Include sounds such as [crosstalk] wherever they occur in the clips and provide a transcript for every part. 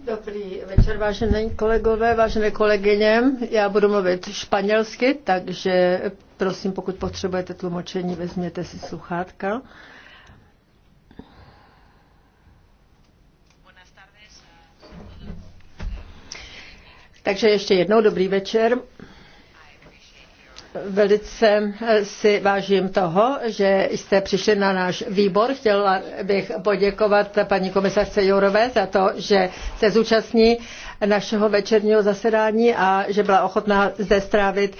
Dobrý večer, vážení kolegové, vážené kolegyně. Já budu mluvit španělsky, takže prosím, pokud potřebujete tlumočení, vezměte si sluchátka. Takže ještě jednou dobrý večer. Velice eh, si vážím toho, že jste přišli na náš výbor. Chtěla bych poděkovat paní komisařce Jourové za to, že se zúčastní našeho večerního zasedání a že byla ochotná zde strávit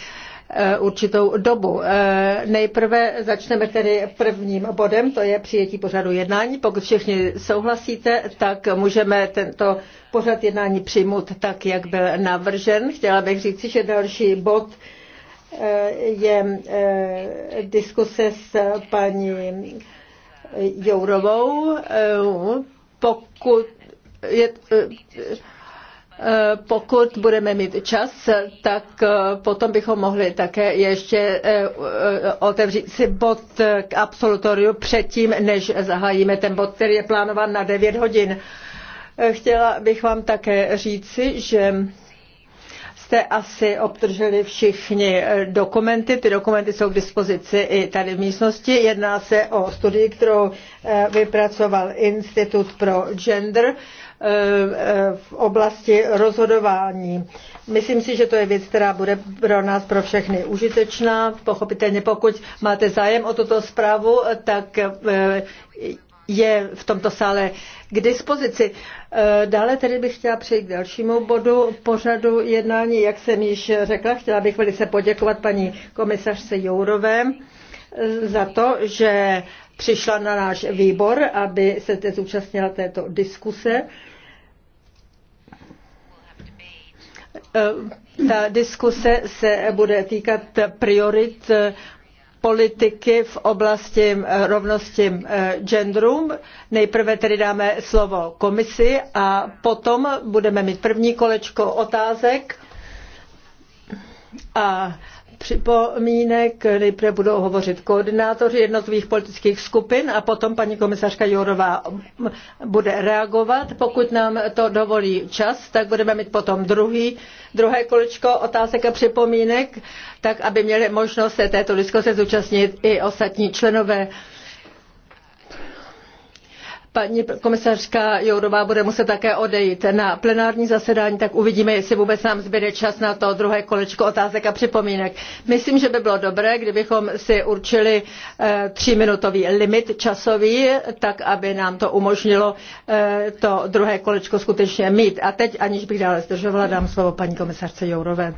eh, určitou dobu. Eh, nejprve začneme tedy prvním bodem, to je přijetí pořadu jednání. Pokud všichni souhlasíte, tak můžeme tento pořad jednání přijmout tak, jak byl navržen. Chtěla bych říci, že další bod Eh, je eh, diskuse s paní Jourovou. Eh, pokud je, pokud budeme mít čas, tak potom bychom mohli také ještě otevřít si bod k absolutoriu předtím, než zahájíme ten bod, který je plánován na 9 hodin. Chtěla bych vám také říci, že jste asi obdrželi všichni eh, dokumenty. Ty dokumenty jsou k dispozici i tady v místnosti. Jedná se o studii, kterou eh, vypracoval Institut pro gender eh, v oblasti rozhodování. Myslím si, že to je věc, která bude pro nás pro všechny užitečná. Pochopitelně, pokud máte zájem o tuto zprávu, tak je v tomto sále k dispozici. Eh, dále tedy bych chtěla přejít k dalšímu bodu pořadu jednání. Jak jsem již řekla, chtěla bych velice poděkovat paní komisařce Jourové eh, za to, že přišla na náš výbor, aby se teď zúčastnila této diskuse. Eh, ta diskuse se bude týkat priorit politiky v oblasti eh, rovnosti eh, genderu. Nejprve tedy dáme slovo komisi a potom budeme mít první kolečko otázek a připomínek. Nejprve budou hovořit koordinátoři jednotlivých politických skupin a potom paní komisařka Jourová bude reagovat. Pokud nám to dovolí čas, tak budeme mít potom druhý, druhé kolečko otázek a připomínek, tak aby měli možnost se této diskuse zúčastnit i ostatní členové paní komisařka Jourová bude muset také odejít na plenární zasedání, tak uvidíme, jestli vůbec nám zbyde čas na to druhé kolečko otázek a připomínek. Myslím, že by bylo dobré, kdybychom si určili eh, tříminutový limit časový, tak aby nám to umožnilo eh, to druhé kolečko skutečně mít. A teď, aniž bych dále zdržovala, dám slovo paní komisařce Jourové.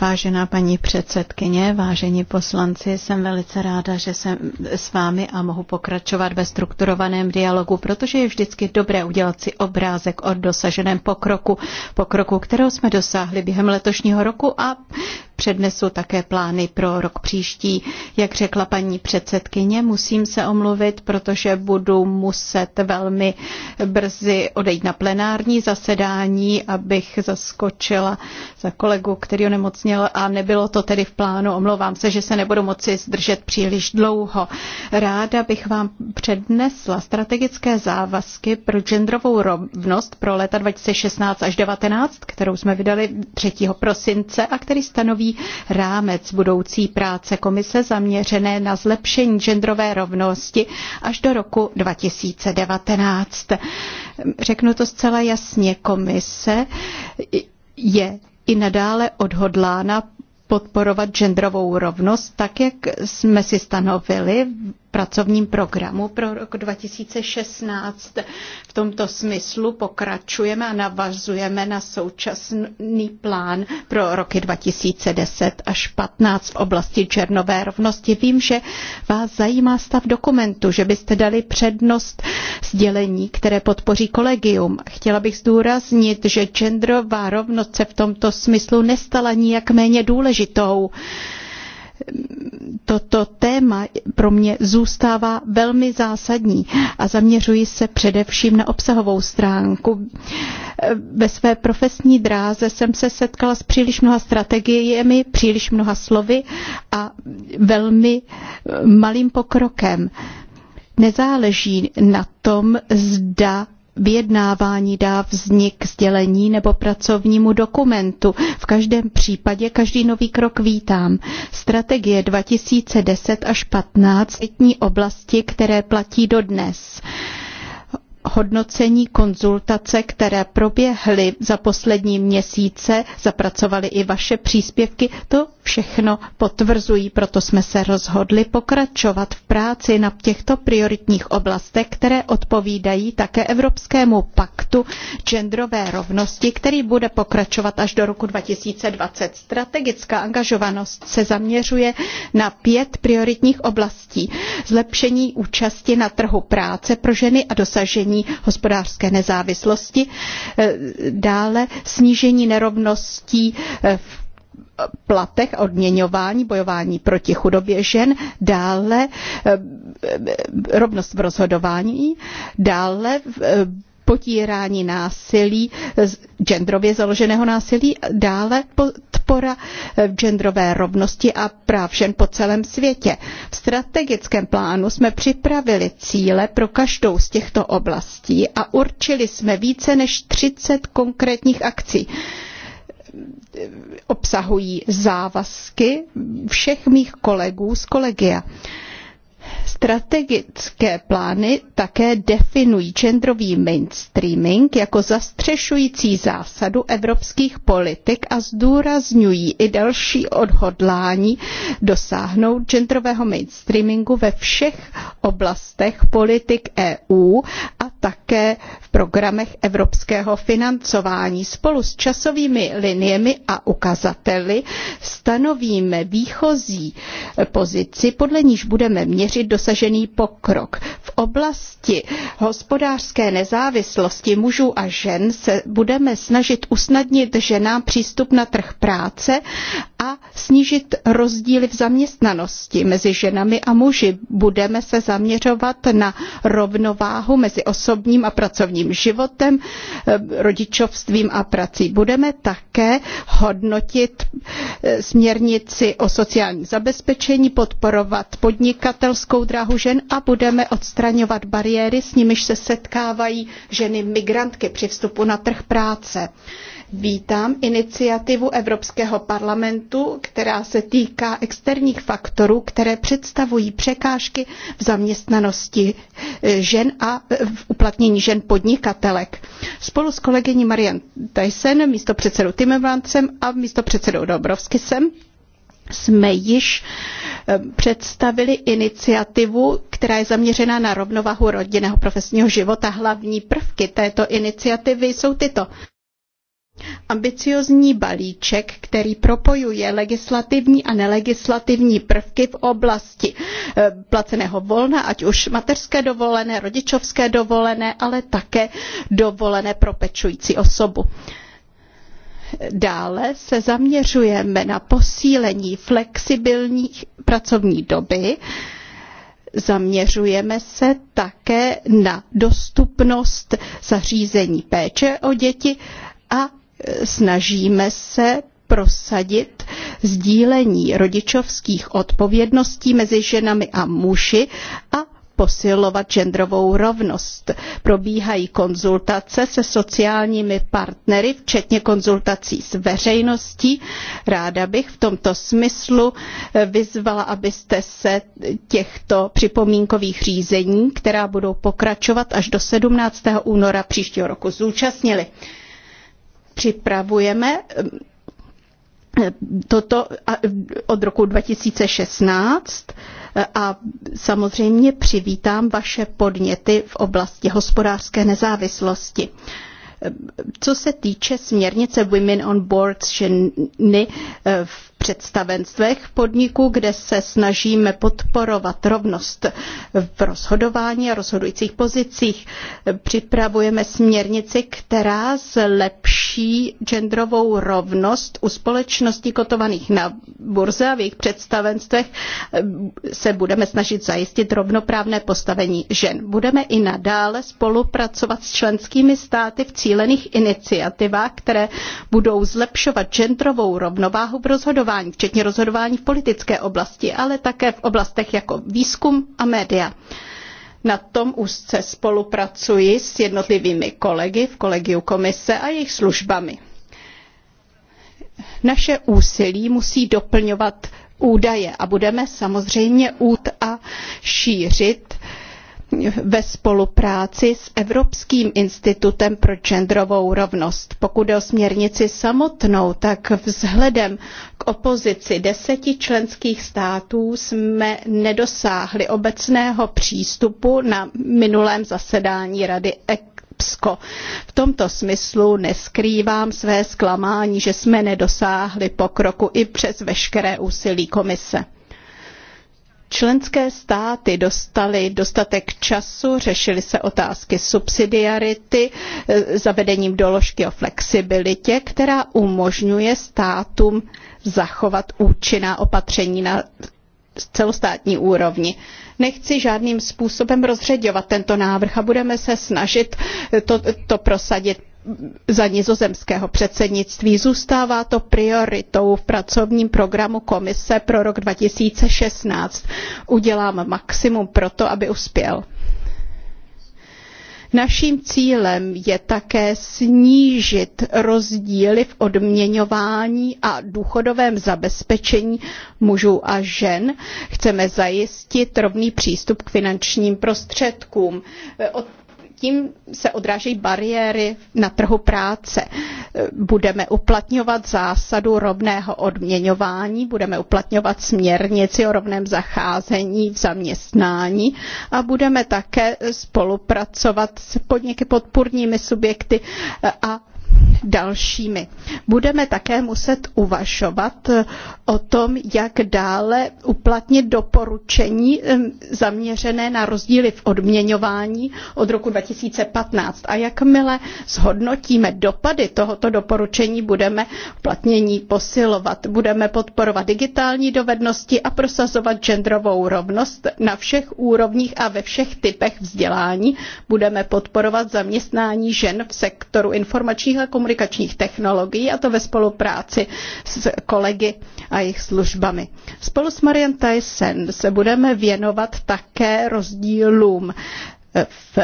Vážená paní předsedkyně, vážení poslanci, jsem velice ráda, že jsem s vámi a mohu pokračovat ve strukturovaném dialogu, protože je vždycky dobré udělat si obrázek o dosaženém pokroku, pokroku, kterou jsme dosáhli během letošního roku a přednesu také plány pro rok příští. Jak řekla paní předsedkyně, musím se omluvit, protože budu muset velmi brzy odejít na plenární zasedání, abych zaskočila za kolegu, který onemocněl a nebylo to tedy v plánu. Omlouvám se, že se nebudu moci zdržet příliš dlouho. Ráda bych vám přednesla strategické závazky pro genderovou rovnost pro leta 2016 až 2019, kterou jsme vydali 3. prosince a který stanoví rámec budoucí práce komise zaměřené na zlepšení genderové rovnosti až do roku 2019. Řeknu to zcela jasně, komise je i nadále odhodlána podporovat genderovou rovnost, tak jak jsme si stanovili pracovním programu pro rok 2016. V tomto smyslu pokračujeme a navazujeme na současný plán pro roky 2010 až 15 v oblasti černové rovnosti. Vím, že vás zajímá stav dokumentu, že byste dali přednost sdělení, které podpoří kolegium. Chtěla bych zdůraznit, že genderová rovnost se v tomto smyslu nestala nijak méně důležitou toto téma pro mě zůstává velmi zásadní a zaměřuji se především na obsahovou stránku. Ve své profesní dráze jsem se setkala s příliš mnoha strategiemi, příliš mnoha slovy a velmi eh, malým pokrokem. Nezáleží na tom, zda vyjednávání dá vznik sdělení nebo pracovnímu dokumentu. V každém případě každý nový krok vítám. Strategie 2010 až 15 oblasti, které platí dodnes. dnes hodnocení konzultace, které proběhly za poslední měsíce, zapracovaly i vaše příspěvky, to všechno potvrzují, proto jsme se rozhodli pokračovat v práci na těchto prioritních oblastech, které odpovídají také Evropskému paktu genderové rovnosti, který bude pokračovat až do roku 2020. Strategická angažovanost se zaměřuje na pět prioritních oblastí. Zlepšení účasti na trhu práce pro ženy a dosažení dosažení hospodářské nezávislosti, eh, dále snížení nerovností eh, v platech, odměňování, bojování proti chudobě žen, dále eh, rovnost v rozhodování, dále potírání násilí, genderově založeného násilí, dále podpora eh, genderové rovnosti a práv žen po celém světě. V strategickém plánu jsme připravili cíle pro každou z těchto oblastí a určili jsme více než 30 konkrétních akcí obsahují závazky všech mých kolegů z kolegia. Strategické plány také definují genderový mainstreaming jako zastřešující zásadu evropských politik a zdůrazňují i další odhodlání dosáhnout genderového mainstreamingu ve všech oblastech politik EU a také v programech evropského financování. Spolu s časovými liniemi a ukazateli stanovíme výchozí pozici, podle níž budeme měřit vylepšit dosažený pokrok. V oblasti hospodářské nezávislosti mužů a žen se budeme snažit usnadnit ženám přístup na trh práce a snížit rozdíly v zaměstnanosti mezi ženami a muži. Budeme se zaměřovat na rovnováhu mezi osobním a pracovním životem, eh, rodičovstvím a prací. Budeme také hodnotit eh, směrnici o sociálním zabezpečení, podporovat podnikatelství, školskou dráhu žen a budeme odstraňovat bariéry, s nimiž se setkávají ženy migrantky při vstupu na trh práce. Vítám iniciativu Evropského parlamentu, která se týká externích faktorů, které představují překážky v zaměstnanosti eh, žen a eh, v uplatnění žen podnikatelek. Spolu s kolegyní Marian Tyson, místo předsedou Timmermansem a místo předsedou Dobrovskisem jsme již eh, představili iniciativu, která je zaměřena na rovnovahu rodinného profesního života. Hlavní prvky této iniciativy jsou tyto. Ambiciozní balíček, který propojuje legislativní a nelegislativní prvky v oblasti eh, placeného volna, ať už mateřské dovolené, rodičovské dovolené, ale také dovolené pro pečující osobu. Dále se zaměřujeme na posílení flexibilní pracovní doby, Zaměřujeme se také na dostupnost zařízení péče o děti a e, snažíme se prosadit sdílení rodičovských odpovědností mezi ženami a muži a posilovat genderovou rovnost. Probíhají konzultace se sociálními partnery, včetně konzultací s veřejností. Ráda bych v tomto smyslu eh, vyzvala, abyste se těchto připomínkových řízení, která budou pokračovat až do 17. února příštího roku, zúčastnili. Připravujeme toto od roku 2016 a samozřejmě přivítám vaše podněty v oblasti hospodářské nezávislosti. Co se týče směrnice Women on Boards ženy e, v představenstvech podniků, kde se snažíme podporovat rovnost v rozhodování a rozhodujících pozicích, e, připravujeme směrnici, která zlepší ruší genderovou rovnost u společností kotovaných na burze a v jejich představenstvech se budeme snažit zajistit rovnoprávné postavení žen. Budeme i nadále spolupracovat s členskými státy v cílených iniciativách, které budou zlepšovat genderovou rovnováhu v rozhodování, včetně rozhodování v politické oblasti, ale také v oblastech jako výzkum a média. Na tom úzce spolupracuji s jednotlivými kolegy v kolegiu komise a jejich službami. Naše úsilí musí doplňovat údaje a budeme samozřejmě út a šířit ve spolupráci s Evropským institutem pro genderovou rovnost. Pokud jde o směrnici samotnou, tak vzhledem k opozici deseti členských států jsme nedosáhli obecného přístupu na minulém zasedání Rady EPSCO. V tomto smyslu neskrývám své zklamání, že jsme nedosáhli pokroku i přes veškeré úsilí komise. Členské státy dostaly dostatek času, řešily se otázky subsidiarity eh, zavedením doložky o flexibilitě, která umožňuje státům zachovat účinná opatření na celostátní úrovni. Nechci žádným způsobem rozředovat tento návrh a budeme se snažit to, to prosadit za nizozemského předsednictví. Zůstává to prioritou v pracovním programu komise pro rok 2016. Udělám maximum pro to, aby uspěl. Naším cílem je také snížit rozdíly v odměňování a důchodovém zabezpečení mužů a žen. Chceme zajistit rovný přístup k finančním prostředkům tím se odrážejí bariéry na trhu práce. Budeme uplatňovat zásadu rovného odměňování, budeme uplatňovat směrnici o rovném zacházení v zaměstnání a budeme také spolupracovat s podniky podpůrními subjekty a dalšími. Budeme také muset uvažovat eh, o tom, jak dále uplatnit doporučení eh, zaměřené na rozdíly v odměňování od roku 2015. A jakmile zhodnotíme dopady tohoto doporučení, budeme uplatnění posilovat. Budeme podporovat digitální dovednosti a prosazovat genderovou rovnost na všech úrovních a ve všech typech vzdělání. Budeme podporovat zaměstnání žen v sektoru informačních komunikačních technologií, a to ve spolupráci s kolegy a jejich službami. Spolu s Marian Tyson se budeme věnovat také rozdílům v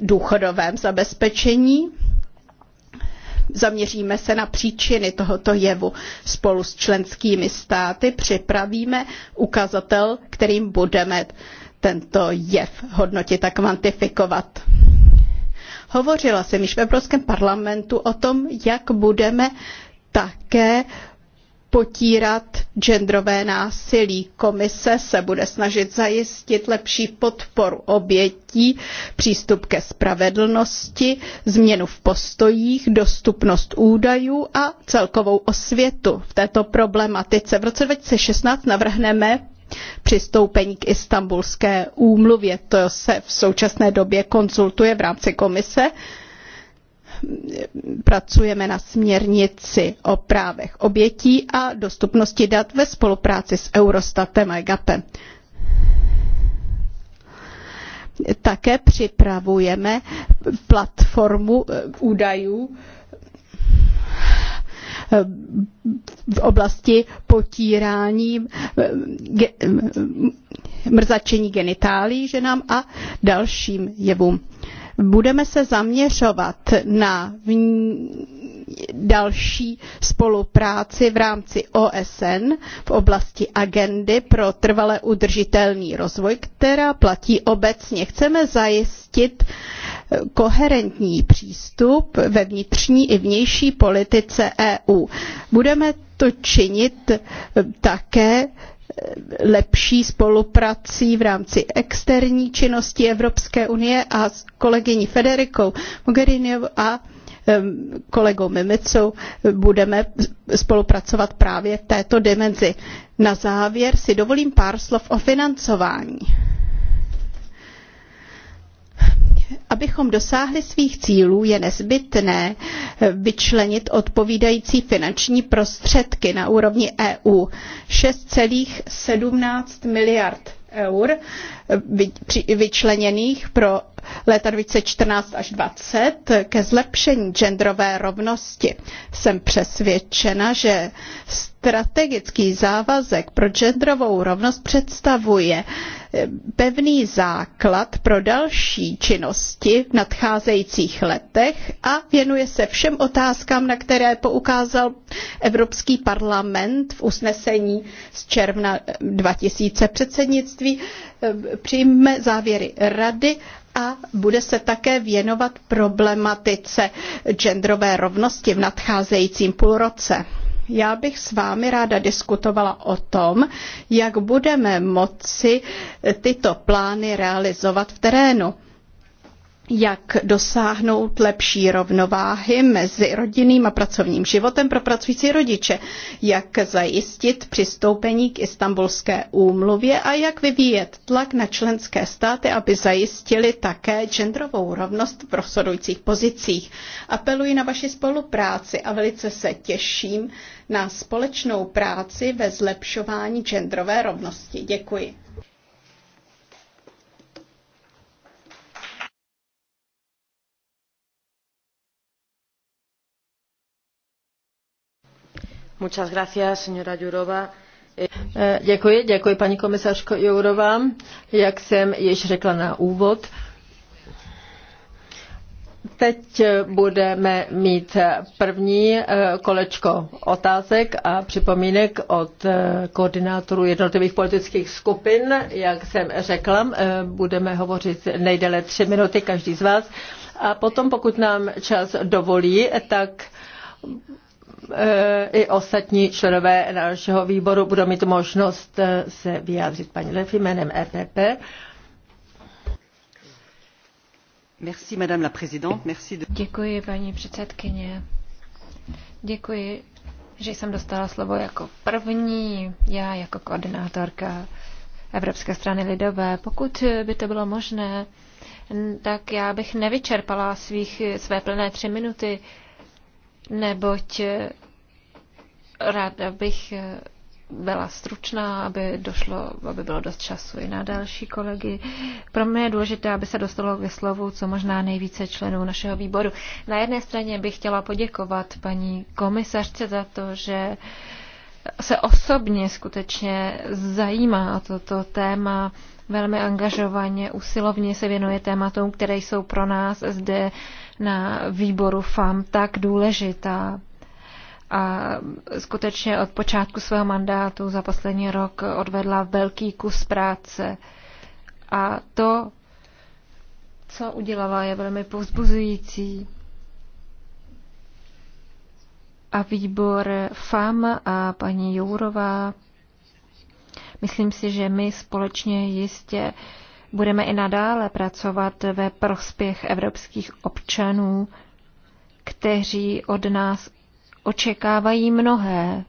důchodovém zabezpečení zaměříme se na příčiny tohoto jevu. Spolu s členskými státy připravíme ukazatel, kterým budeme tento jev hodnotit a kvantifikovat. Hovořila jsem již v Evropském parlamentu o tom, jak budeme také potírat genderové násilí. Komise se bude snažit zajistit lepší podporu obětí, přístup ke spravedlnosti, změnu v postojích, dostupnost údajů a celkovou osvětu v této problematice. V roce 2016 navrhneme přistoupení k Istanbulské úmluvě. To se v současné době konzultuje v rámci komise pracujeme na směrnici o právech obětí a dostupnosti dat ve spolupráci s Eurostatem a GAPem. Také připravujeme platformu eh, údajů v oblasti potírání eh, ge, eh, mrzačení genitálí ženám a dalším jevům. Budeme se zaměřovat na další spolupráci v rámci OSN v oblasti agendy pro trvale udržitelný rozvoj, která platí obecně. Chceme zajistit koherentní přístup ve vnitřní i vnější politice EU. Budeme to činit také lepší spoluprací v rámci externí činnosti Evropské unie a s kolegyní Federikou Mogheriniovou a kolegou Mimicou budeme spolupracovat právě v této dimenzi. Na závěr si dovolím pár slov o financování Abychom dosáhli svých cílů, je nezbytné eh, vyčlenit odpovídající finanční prostředky na úrovni EU 6,17 miliard eur vyčleněných pro léta 2014 až 20 ke zlepšení genderové rovnosti. Jsem přesvědčena, že strategický závazek pro genderovou rovnost představuje eh, pevný základ pro další činnosti v nadcházejících letech a věnuje se všem otázkám, na které poukázal Evropský parlament v usnesení z června 2000 eh, předsednictví Eh, přijme závěry rady a bude se také věnovat problematice genderové rovnosti v nadcházejícím půlroce. Já bych s vámi ráda diskutovala o tom, jak budeme moci tyto plány realizovat v terénu jak dosáhnout lepší rovnováhy mezi rodinným a pracovním životem pro pracující rodiče, jak zajistit přistoupení k istambulské úmluvě a jak vyvíjet tlak na členské státy, aby zajistili také genderovou rovnost v rozhodujících pozicích. Apeluji na vaši spolupráci a velice se těším na společnou práci ve zlepšování genderové rovnosti. Děkuji. Eh, děkuji, děkuji paní komisařko Jourová. Jak jsem již řekla na úvod, Teď budeme mít první eh, kolečko otázek a připomínek od eh, koordinátorů jednotlivých politických skupin. Jak jsem řekla, budeme hovořit nejdéle tři minuty každý z vás. A potom, pokud nám čas dovolí, tak Eh, i ostatní členové našeho výboru budou mít možnost eh, se vyjádřit paní Lef jménem EPP. Merci, madame la présidente. Merci de... Děkuji, paní předsedkyně. Děkuji, že jsem dostala slovo jako první, já jako koordinátorka Evropské strany lidové. Pokud by to bylo možné, tak já bych nevyčerpala svých, své plné tři minuty neboť eh, ráda bych eh, byla stručná, aby došlo, aby bylo dost času i na další kolegy. Pro mě je důležité, aby se dostalo ke slovu co možná nejvíce členů našeho výboru. Na jedné straně bych chtěla poděkovat paní komisařce za to, že se osobně skutečně zajímá o toto téma, velmi angažovaně, usilovně se věnuje tématům, které jsou pro nás zde na výboru FAM tak důležitá. A skutečně od počátku svého mandátu za poslední rok odvedla velký kus práce. A to, co udělala, je velmi povzbuzující a výbor FAM a paní Jourová. Myslím si, že my společně jistě budeme i nadále pracovat ve prospěch evropských občanů, kteří od nás očekávají mnohé.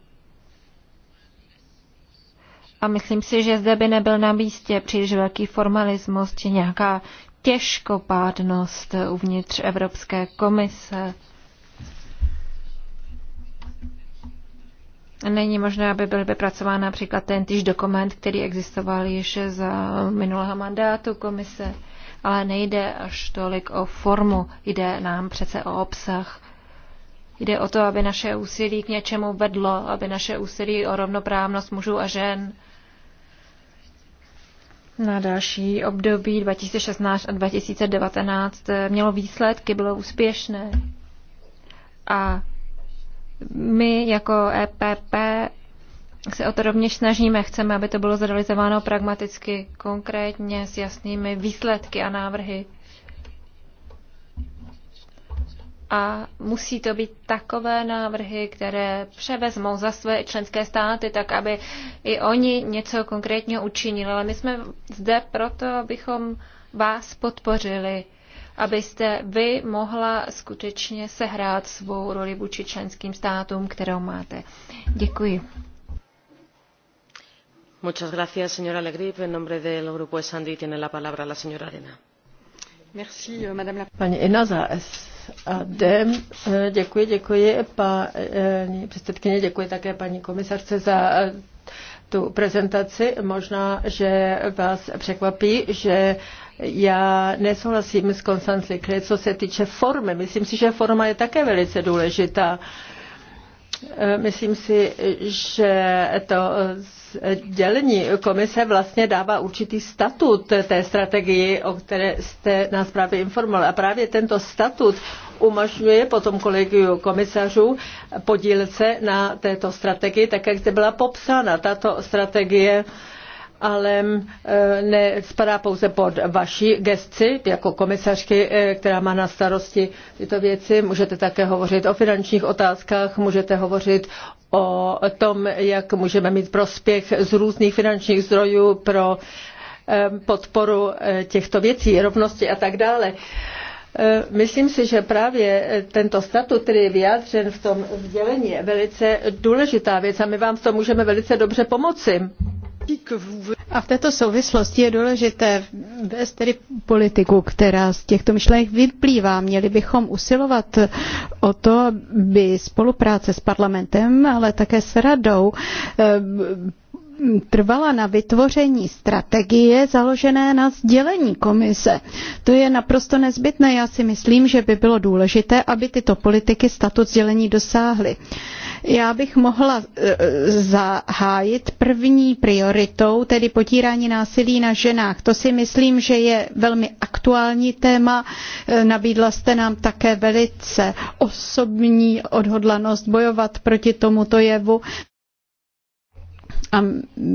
A myslím si, že zde by nebyl na místě příliš velký formalismus či nějaká těžkopádnost uvnitř Evropské komise. Není možné, aby byl vypracován například ten týž dokument, který existoval již za minulého mandátu komise, ale nejde až tolik o formu, jde nám přece o obsah. Jde o to, aby naše úsilí k něčemu vedlo, aby naše úsilí o rovnoprávnost mužů a žen na další období 2016 a 2019 mělo výsledky, bylo úspěšné. A my jako EPP se o to rovněž snažíme. Chceme, aby to bylo zrealizováno pragmaticky, konkrétně, s jasnými výsledky a návrhy. A musí to být takové návrhy, které převezmou za své členské státy, tak aby i oni něco konkrétního učinili. Ale my jsme zde proto, abychom vás podpořili abyste vy mohla skutečně sehrát svou roli vůči členským státům, kterou máte. Děkuji. Muchas gracias, señora Legrip. En nombre del grupo Sandy tiene la palabra la señora Arena. Merci, euh, madame la... Pani Ina za SAD. Eh, děkuji, děkuji eh, paní předsedkyně, děkuji také paní komisarce za eh, tu prezentaci. Možná, že vás překvapí, že já nesouhlasím s Konstanc Likry, co se týče formy. Myslím si, že forma je také velice důležitá. E, myslím si, že to dělení komise vlastně dává určitý statut té strategii, o které jste nás právě informoval. A právě tento statut umožňuje potom kolegiu komisařů podílet se na této strategii, tak jak zde byla popsána. Tato strategie uh, ale mm, eh, nespadá pouze pod vaši gesci jako komisařky, eh, která má na starosti tyto věci. Můžete také hovořit o finančních otázkách, můžete hovořit o tom, jak můžeme mít prospěch z různých finančních zdrojů pro eh, podporu těchto věcí, rovnosti a tak dále. Myslím si, že právě tento statut, který je vyjádřen v tom sdělení, je velice důležitá věc a my vám v tom můžeme velice dobře pomoci. A v této souvislosti je důležité vést tedy politiku, která z těchto myšlenek vyplývá. Měli bychom usilovat o to, aby spolupráce s parlamentem, ale také s radou eh, trvala na vytvoření strategie založené na sdělení komise. To je naprosto nezbytné. Já si myslím, že by bylo důležité, aby tyto politiky statut sdělení dosáhly. Já bych mohla e, zahájit první prioritou, tedy potírání násilí na ženách. To si myslím, že je velmi aktuální téma. E, nabídla jste nám také velice osobní odhodlanost bojovat proti tomuto jevu. A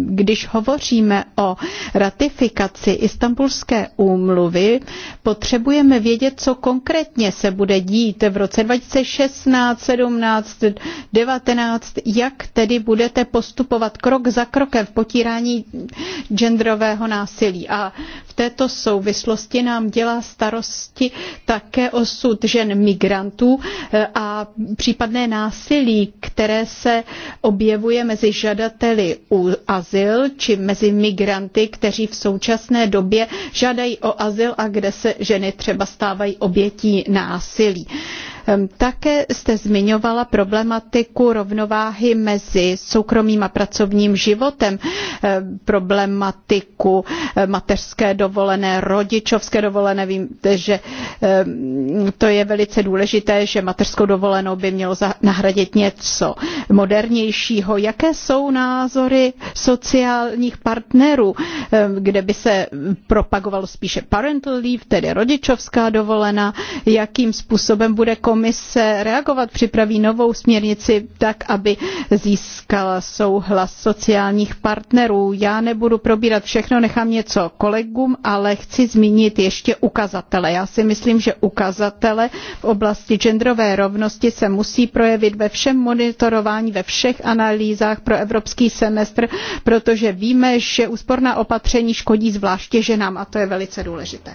když hovoříme o ratifikaci Istanbulské úmluvy, potřebujeme vědět, co konkrétně se bude dít v roce 2016, 17, 19, jak tedy budete postupovat krok za krokem v potírání genderového násilí. A v této souvislosti nám dělá starosti také osud žen migrantů eh, a případné násilí, které se objevuje mezi žadateli u azyl či mezi migranty, kteří v současné době žádají o azyl a kde se ženy třeba stávají obětí násilí. Uh, Ehm, také jste zmiňovala problematiku rovnováhy mezi soukromým a pracovním životem, ehm, problematiku ehm, mateřské dovolené, rodičovské dovolené. Vím, že to je velice důležité, že mateřskou dovolenou by mělo nahradit něco modernějšího. Jaké jsou názory sociálních partnerů, kde by se propagovalo spíše parental leave, tedy rodičovská dovolená, jakým způsobem bude komise reagovat, připraví novou směrnici tak, aby získala souhlas sociálních partnerů. Já nebudu probírat všechno, nechám něco kolegům, ale chci zmínit ještě ukazatele. Já si myslím, že ukazatele v oblasti genderové rovnosti se musí projevit ve všem monitorování, ve všech analýzách pro evropský semestr, protože víme, že úsporná opatření škodí zvláště ženám a to je velice důležité.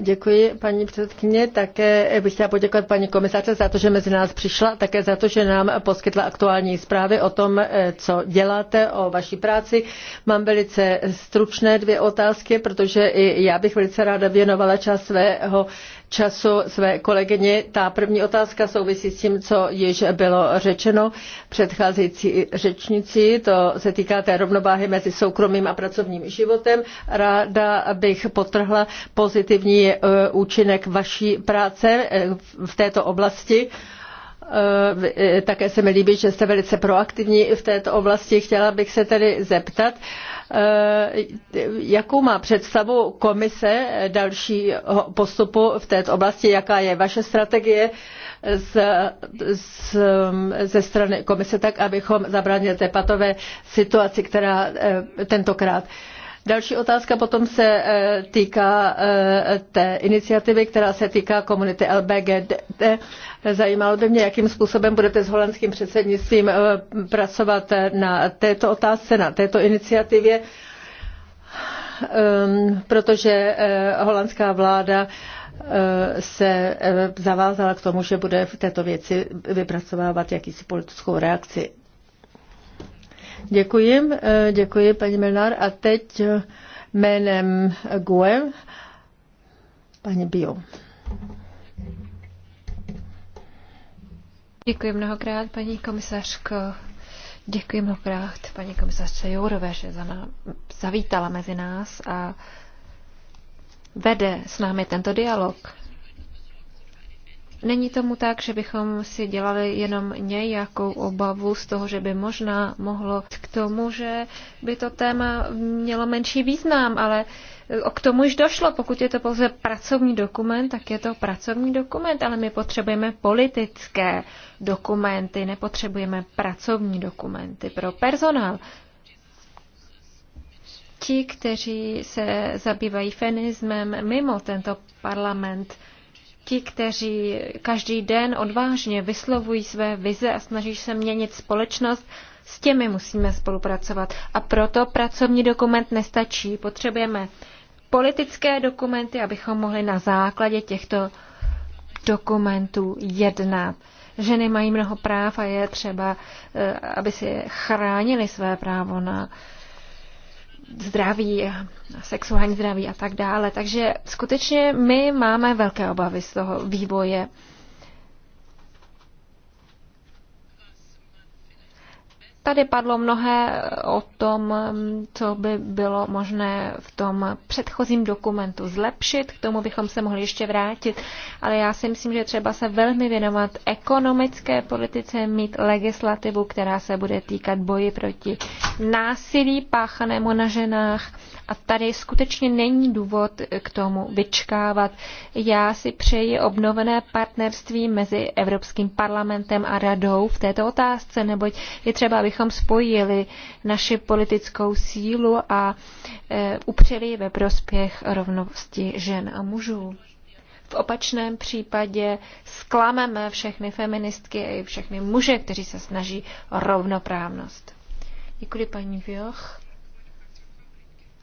Děkuji, paní předsedkyně. Také bych chtěla poděkovat paní komisaře za to, že mezi nás přišla, také za to, že nám poskytla aktuální zprávy o tom, eh, co děláte, o vaší práci. Mám velice stručné dvě otázky, protože i já bych velice ráda věnovala čas svého času své kolegyně. Ta první otázka souvisí s tím, co již bylo řečeno předcházející řečnici. To se týká té rovnováhy mezi soukromým a pracovním životem. Ráda bych potrhla pozitivní eh, účinek vaší práce eh, v této oblasti. Eh, také se mi líbí, že jste velice proaktivní v této oblasti. Chtěla bych se tedy zeptat, Eh, jakou má představu komise dalšího postupu v této oblasti, jaká je vaše strategie z, z, ze strany komise, tak abychom zabránili té patové situaci, která eh, tentokrát Další otázka potom se eh, týká eh, té iniciativy, která se týká komunity LBGD. Zajímalo by mě, jakým způsobem budete s holandským předsednictvím eh, pracovat na této otázce, na této iniciativě, ehm, protože holandská vláda se zavázala k tomu, že bude v této věci vypracovávat jakýsi politickou reakci. Děkuji, eh, děkuji paní Milnár. A teď eh, jménem GUE, paní Bio. Děkuji mnohokrát, paní komisařko. Děkuji mnohokrát paní komisařce Jourové, že za nám, zavítala mezi nás a vede s námi tento dialog. Není tomu tak, že bychom si dělali jenom nějakou obavu z toho, že by možná mohlo k tomu, že by to téma mělo menší význam, ale e, k tomu již došlo. Pokud je to pouze pracovní dokument, tak je to pracovní dokument, ale my potřebujeme politické dokumenty, nepotřebujeme pracovní dokumenty pro personál. Ti, kteří se zabývají fenismem mimo tento parlament, ti, kteří každý den odvážně vyslovují své vize a snaží se měnit společnost, s těmi musíme spolupracovat. A proto pracovní dokument nestačí. Potřebujeme politické dokumenty, abychom mohli na základě těchto dokumentů jednat. Ženy mají mnoho práv a je třeba, eh, aby si chránili své právo na zdraví, sexuální zdraví a tak dále. Takže skutečně my máme velké obavy z toho vývoje Tady padlo mnohé eh, o tom, mm, co by bylo možné v tom předchozím dokumentu zlepšit, k tomu bychom se mohli ještě vrátit, ale já si myslím, že třeba se velmi věnovat ekonomické politice, mít legislativu, která se bude týkat boji proti násilí páchanému na ženách. A tady skutečně není důvod k tomu vyčkávat. Já si přeji obnovené partnerství mezi Evropským parlamentem a radou v této otázce, neboť je třeba, abych abychom spojili naši politickou sílu a e, upřeli ve prospěch rovnosti žen a mužů. V opačném případě zklameme všechny feministky a i všechny muže, kteří se snaží o rovnoprávnost. Děkuji paní Vioch.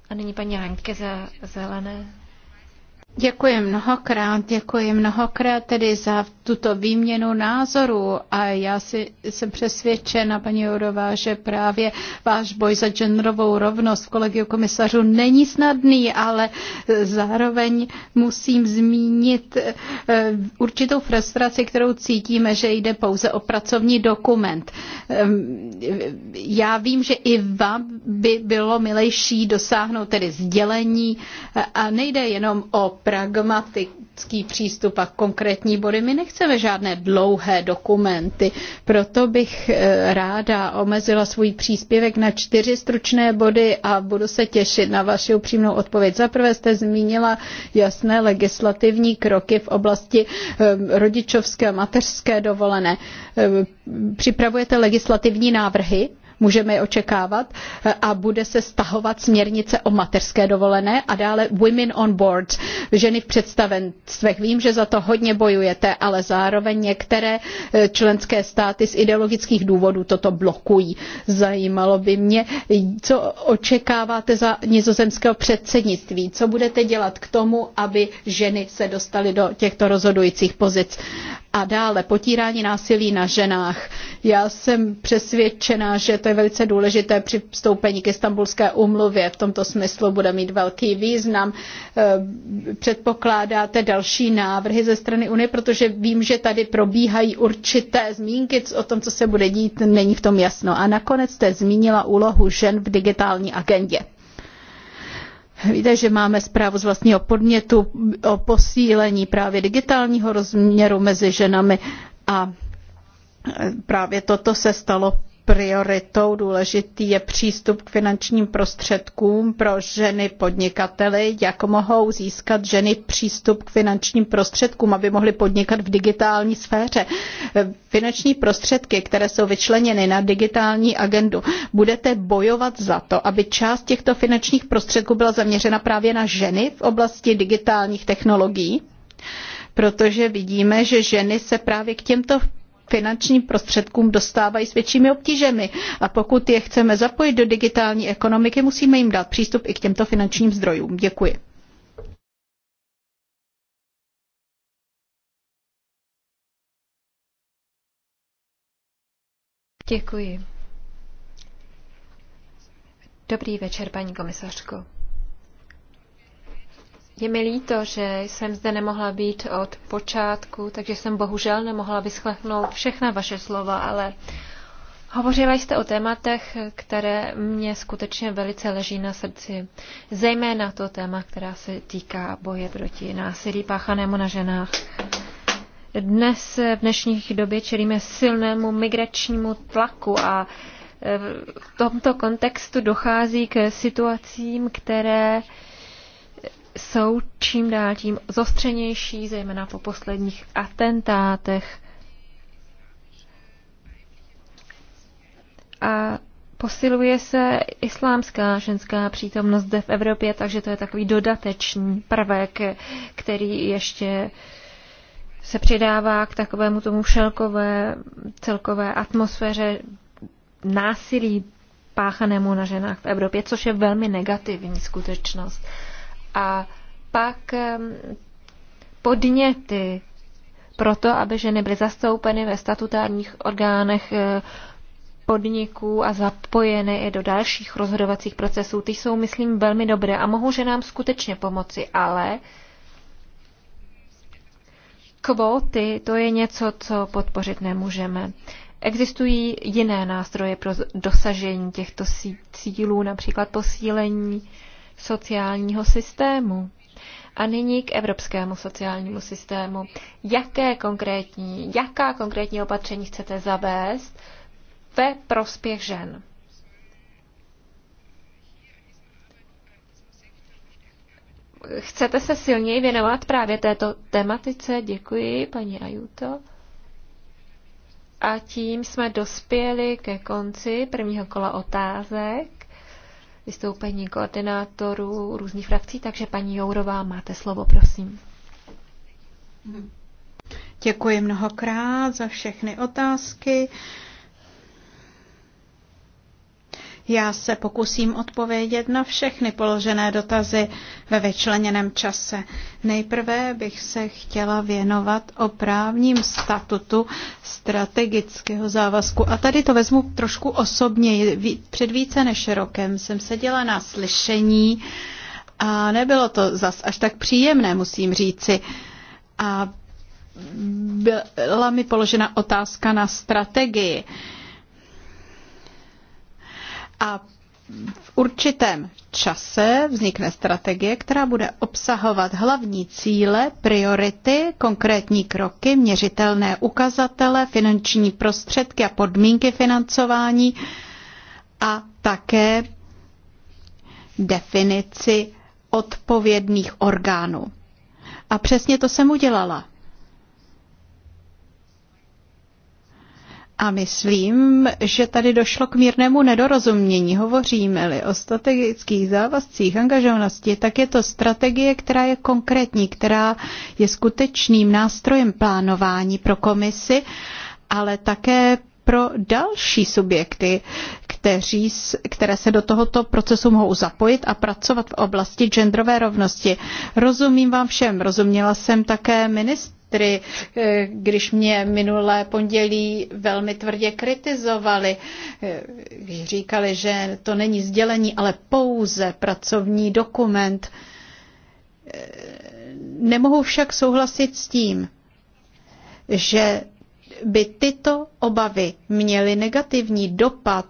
A nyní paní Hanke za zelené. Děkuji mnohokrát, děkuji mnohokrát tedy za tuto výměnu názorů a já si, jsem přesvědčena, paní Jourová, že právě váš boj za genderovou rovnost v kolegiu komisařů není snadný, ale zároveň musím zmínit eh, určitou frustraci, kterou cítíme, že jde pouze o pracovní dokument. Ehm, já vím, že i vám by bylo milejší dosáhnout tedy sdělení eh, a nejde jenom o pragmatický přístup a konkrétní body. My nechceme žádné dlouhé dokumenty, proto bych eh, ráda omezila svůj příspěvek na čtyři stručné body a budu se těšit na vaši upřímnou odpověď. Za prvé jste zmínila jasné legislativní kroky v oblasti eh, rodičovské a mateřské dovolené. Eh, připravujete legislativní návrhy? můžeme je očekávat eh, a bude se stahovat směrnice o mateřské dovolené a dále Women on Boards, ženy v představenstvech. Vím, že za to hodně bojujete, ale zároveň některé eh, členské státy z ideologických důvodů toto blokují. Zajímalo by mě, co očekáváte za nizozemského předsednictví, co budete dělat k tomu, aby ženy se dostaly do těchto rozhodujících pozic a dále potírání násilí na ženách. Já jsem přesvědčena, že to je velice důležité při vstoupení k Istanbulské umluvě. V tomto smyslu bude mít velký význam. Eh, předpokládáte další návrhy ze strany Unie, protože vím, že tady probíhají určité zmínky o tom, co se bude dít, není v tom jasno. A nakonec jste zmínila úlohu žen v digitální agendě. Víte, že máme zprávu z vlastního podmětu o posílení právě digitálního rozměru mezi ženami a e, právě toto se stalo prioritou důležitý je přístup k finančním prostředkům pro ženy podnikateli, jak mohou získat ženy přístup k finančním prostředkům, aby mohly podnikat v digitální sféře. Finanční prostředky, které jsou vyčleněny na digitální agendu, budete bojovat za to, aby část těchto finančních prostředků byla zaměřena právě na ženy v oblasti digitálních technologií? Protože vidíme, že ženy se právě k těmto finančním prostředkům dostávají s většími obtížemi. A pokud je chceme zapojit do digitální ekonomiky, musíme jim dát přístup i k těmto finančním zdrojům. Děkuji. Děkuji. Dobrý večer, paní komisařko. Je mi líto, že jsem zde nemohla být od počátku, takže jsem bohužel nemohla vyslechnout všechna vaše slova, ale hovořila jste o tématech, které mě skutečně velice leží na srdci. Zejména to téma, která se týká boje proti násilí páchanému na ženách. Dnes, v dnešních době, čelíme silnému migračnímu tlaku a e, v tomto kontextu dochází k situacím, které jsou čím dál tím zostřenější, zejména po posledních atentátech. A posiluje se islámská ženská přítomnost zde v Evropě, takže to je takový dodatečný prvek, který ještě se přidává k takovému tomu všelkové celkové atmosféře násilí páchanému na ženách v Evropě, což je velmi negativní skutečnost a pak podněty pro to, aby ženy byly zastoupeny ve statutárních orgánech eh, podniků a zapojeny i do dalších rozhodovacích procesů. Ty jsou, myslím, velmi dobré a mohou ženám skutečně pomoci, ale kvóty to je něco, co podpořit nemůžeme. Existují jiné nástroje pro dosažení těchto cílů, například posílení sociálního systému. A nyní k evropskému sociálnímu systému. Jaké konkrétní, jaká konkrétní opatření chcete zavést ve prospěch žen? Chcete se silněji věnovat právě této tematice? Děkuji, paní Ajuto. A tím jsme dospěli ke konci prvního kola otázek vystoupení koordinátorů různých frakcí, takže paní Jourová, máte slovo, prosím. Děkuji mnohokrát za všechny otázky. Já se pokusím odpovědět na všechny položené dotazy ve vyčleněném čase. Nejprve bych se chtěla věnovat o právním statutu strategického závazku. A tady to vezmu trošku osobně. Před více než rokem jsem seděla na slyšení a nebylo to zas až tak příjemné, musím říci. A byla mi položena otázka na strategii. Uh, a v určitém čase vznikne strategie, která bude obsahovat hlavní cíle, priority, konkrétní kroky, měřitelné ukazatele, finanční prostředky a podmínky financování a také definici odpovědných orgánů. A přesně to jsem udělala. A myslím, že tady došlo k mírnému nedorozumění. Hovoříme-li o strategických závazcích angažovanosti, tak je to strategie, která je konkrétní, která je skutečným nástrojem plánování pro komisi, ale také pro další subjekty, kteří, které se do tohoto procesu mohou zapojit a pracovat v oblasti genderové rovnosti. Rozumím vám všem, rozuměla jsem také ministr ministry, eh, když mě minulé pondělí velmi tvrdě kritizovali, eh, když říkali, že to není sdělení, ale pouze pracovní dokument. Eh, nemohu však souhlasit s tím, že by tyto obavy měly negativní dopad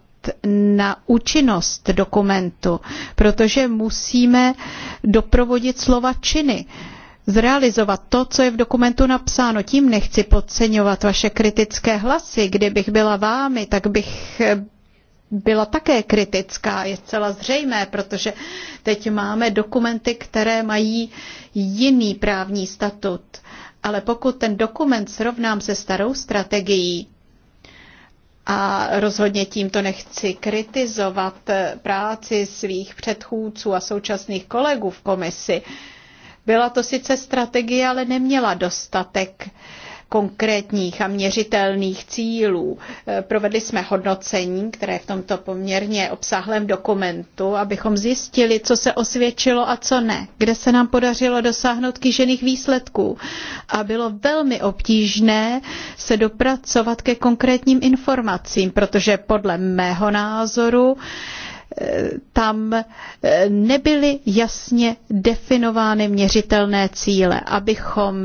na účinnost dokumentu, protože musíme doprovodit slova činy zrealizovat to, co je v dokumentu napsáno. Tím nechci podceňovat vaše kritické hlasy. Kdybych byla vámi, tak bych eh, byla také kritická, je zcela zřejmé, protože teď máme dokumenty, které mají jiný právní statut. Ale pokud ten dokument srovnám se starou strategií, a rozhodně tímto nechci kritizovat eh, práci svých předchůdců a současných kolegů v komisi, byla to sice strategie, ale neměla dostatek konkrétních a měřitelných cílů. Eh, provedli jsme hodnocení, které je v tomto poměrně obsáhlém dokumentu, abychom zjistili, co se osvědčilo a co ne, kde se nám podařilo dosáhnout kýžených výsledků. A bylo velmi obtížné se dopracovat ke konkrétním informacím, protože podle mého názoru tam eh, nebyly jasně definovány měřitelné cíle. Abychom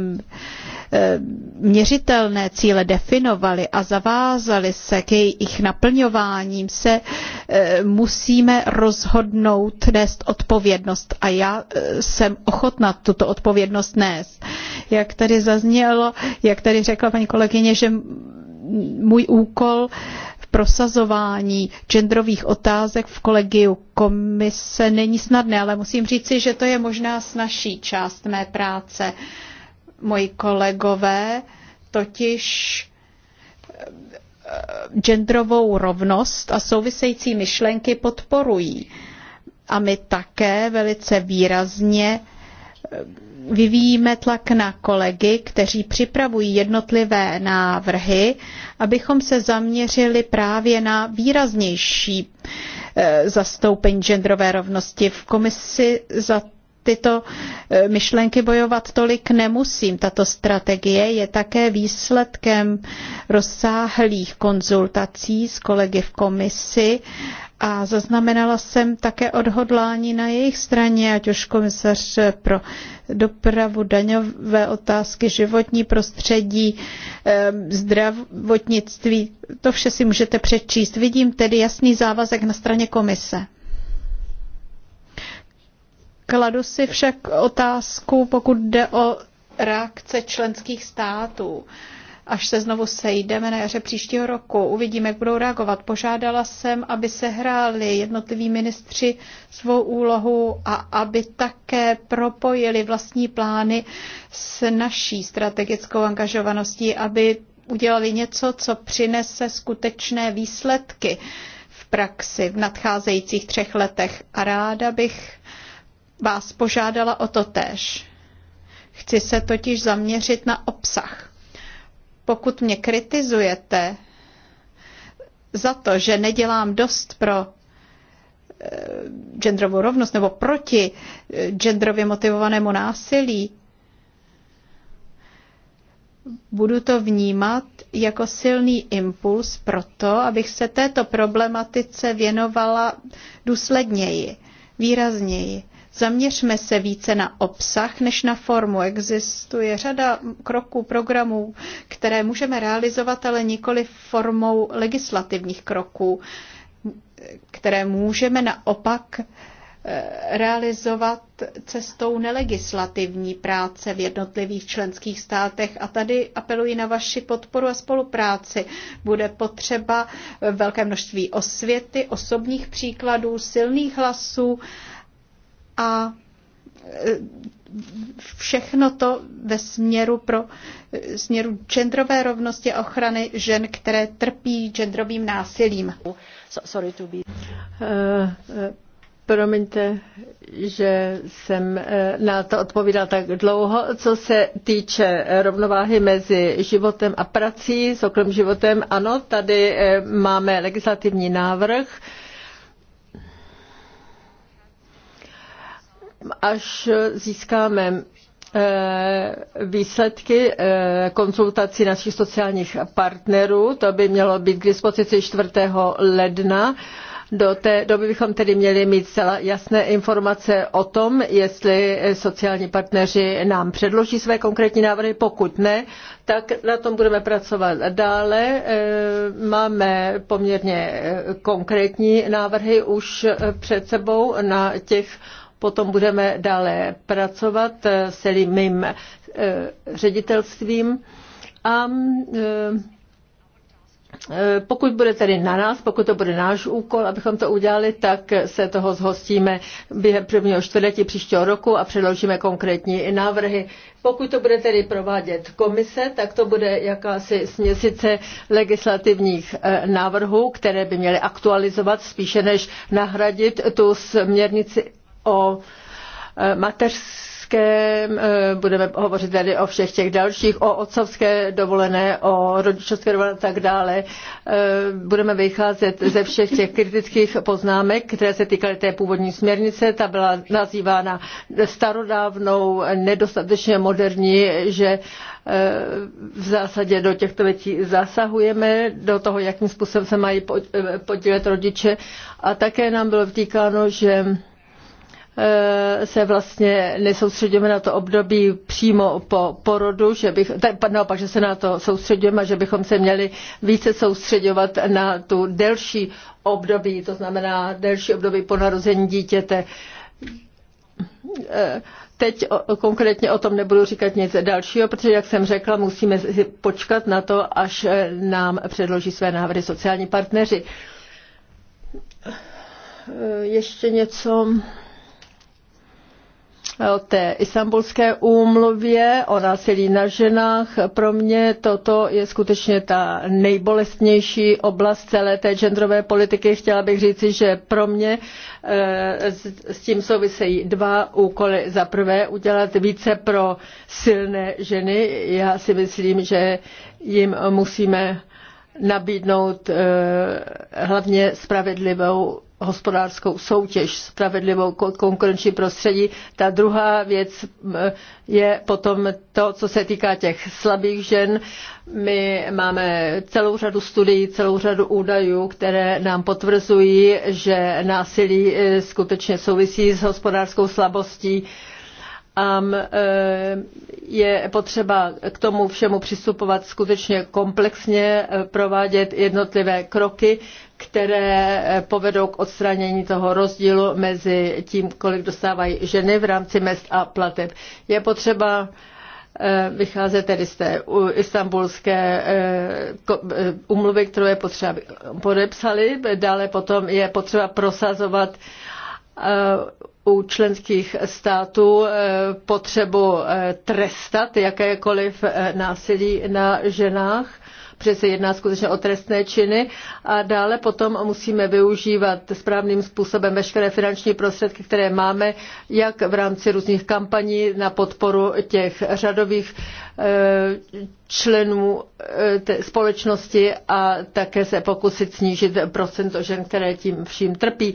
eh, měřitelné cíle definovali a zavázali se k jejich naplňováním, se eh, musíme rozhodnout nést odpovědnost a já jsem ochotna tuto odpovědnost nést. Jak tady zaznělo, jak tady řekla paní kolegyně, že můj úkol prosazování genderových otázek v kolegiu komise není snadné, ale musím říci, že to je možná snažší část mé práce. Moji kolegové totiž eh, genderovou rovnost a související myšlenky podporují. A my také velice výrazně vyvíjíme tlak na kolegy, kteří připravují jednotlivé návrhy, abychom se zaměřili právě na výraznější eh, zastoupení genderové rovnosti. V komisi za tyto eh, myšlenky bojovat tolik nemusím. Tato strategie je také výsledkem rozsáhlých konzultací s kolegy v komisi a zaznamenala jsem také odhodlání na jejich straně, ať už komisař pro dopravu, daňové otázky, životní prostředí, zdravotnictví. To vše si můžete přečíst. Vidím tedy jasný závazek na straně komise. Kladu si však otázku, pokud jde o reakce členských států až se znovu sejdeme na jaře příštího roku. Uvidíme, jak budou reagovat. Požádala jsem, aby se hráli jednotliví ministři svou úlohu a aby také propojili vlastní plány s naší strategickou angažovaností, aby udělali něco, co přinese skutečné výsledky v praxi v nadcházejících třech letech. A ráda bych vás požádala o to též. Chci se totiž zaměřit na obsah pokud mě kritizujete za to, že nedělám dost pro eh, genderovou rovnost nebo proti eh, genderově motivovanému násilí, budu to vnímat jako silný impuls pro to, abych se této problematice věnovala důsledněji, výrazněji. Zaměřme se více na obsah než na formu. Existuje řada kroků, programů, které můžeme realizovat, ale nikoli formou legislativních kroků, které můžeme naopak eh, realizovat cestou nelegislativní práce v jednotlivých členských státech. A tady apeluji na vaši podporu a spolupráci. Bude potřeba velké množství osvěty, osobních příkladů, silných hlasů a e, všechno to ve směru pro e, směru genderové rovnosti a ochrany žen, které trpí genderovým násilím. Sorry to be... E, promiňte, že jsem na to odpovídala tak dlouho. Co se týče rovnováhy mezi životem a prací, okrem životem, ano, tady máme legislativní návrh až získáme eh, výsledky eh, konzultací našich sociálních partnerů. To by mělo být k dispozici 4. ledna. Do té doby bychom tedy měli mít celá jasné informace o tom, jestli sociální partneři nám předloží své konkrétní návrhy. Pokud ne, tak na tom budeme pracovat dále. Eh, máme poměrně konkrétní návrhy už před sebou na těch Potom budeme dále pracovat eh, s celým mým eh, ředitelstvím a eh, pokud bude tedy na nás, pokud to bude náš úkol, abychom to udělali, tak se toho zhostíme během prvního čtvrtletí příštího roku a předložíme konkrétní návrhy. Pokud to bude tedy provádět komise, tak to bude jakási směsice legislativních návrhů, které by měly aktualizovat spíše než nahradit tu směrnici o e, mateřském, e, budeme hovořit tady o všech těch dalších, o otcovské dovolené, o rodičovské dovolené a tak dále. E, budeme vycházet ze všech těch kritických poznámek, které se týkaly té původní směrnice. Ta byla nazývána starodávnou, nedostatečně moderní, že v zásadě do těchto věcí zasahujeme, do toho, jakým způsobem se mají podílet rodiče. A také nám bylo vtýkáno, že Eh, se vlastně nesoustředíme na to období přímo po porodu, že bych, naopak, že se na to soustředíme a že bychom se měli více soustředovat na tu delší období, to znamená delší období po narození dítěte. Eh, teď konkrétně o tom nebudu říkat nic dalšího, protože, jak jsem řekla, musíme si počkat na to, až eh, nám předloží své návrhy sociální partneři. Ještě něco o té istambulské úmluvě o násilí na ženách. Pro mě toto je skutečně ta nejbolestnější oblast celé té genderové politiky. Chtěla bych říci, že pro mě eh, s tím souvisejí dva úkoly. Za prvé udělat více pro silné ženy. Já si myslím, že jim musíme nabídnout eh, hlavně spravedlivou hospodářskou soutěž, spravedlivou konkurenční prostředí. Ta druhá věc je potom to, co se týká těch slabých žen. My máme celou řadu studií, celou řadu údajů, které nám potvrzují, že násilí e, skutečně souvisí s hospodářskou slabostí E, je potřeba k tomu všemu přistupovat skutečně komplexně, e, provádět jednotlivé kroky, které e, povedou k odstranění toho rozdílu mezi tím, kolik dostávají ženy v rámci mest a plateb. Je potřeba vycházet tedy z té istambulské umluvy, kterou je potřeba podepsali. Dále potom je potřeba prosazovat u členských států eh, potřebu eh, trestat jakékoliv eh, násilí na ženách protože se jedná skutečně o trestné činy. A dále potom musíme využívat správným způsobem veškeré finanční prostředky, které máme, jak v rámci různých kampaní na podporu těch řadových členů společnosti a také se pokusit snížit procento žen, které tím vším trpí.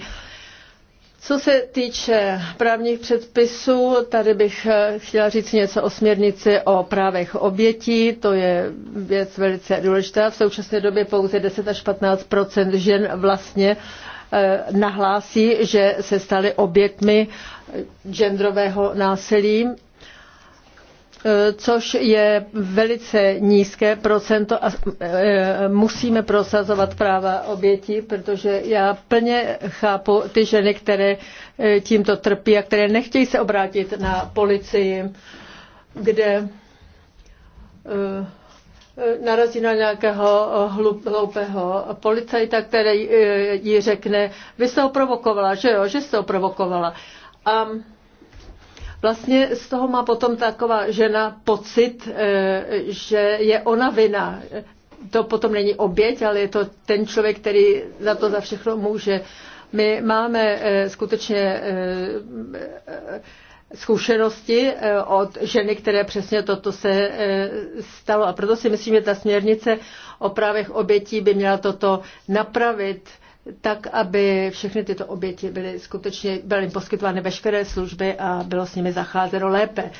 Co se týče právních předpisů, tady bych eh, chtěla říct něco o směrnici o právech obětí. To je věc velice důležitá. V současné době pouze 10 až 15 žen vlastně eh, nahlásí, že se staly obětmi eh, genderového násilí Eh, což je velice nízké procento a eh, musíme prosazovat práva obětí, protože já plně chápu ty ženy, které eh, tímto trpí a které nechtějí se obrátit na policii, kde narazí na nějakého hloupého policajta, který jí řekne, vy jste ho provokovala, že jo, že jste ho provokovala. A Vlastně z toho má potom taková žena pocit, eh, že je ona vina. To potom není oběť, ale je to ten člověk, který za to za všechno může. My máme eh, skutečně eh, zkušenosti od ženy, které přesně toto se stalo. A proto si myslím, že ta směrnice o právech obětí by měla toto napravit tak aby všechny tyto oběti byly skutečně byly poskytovány veškeré služby a bylo s nimi zacházeno lépe.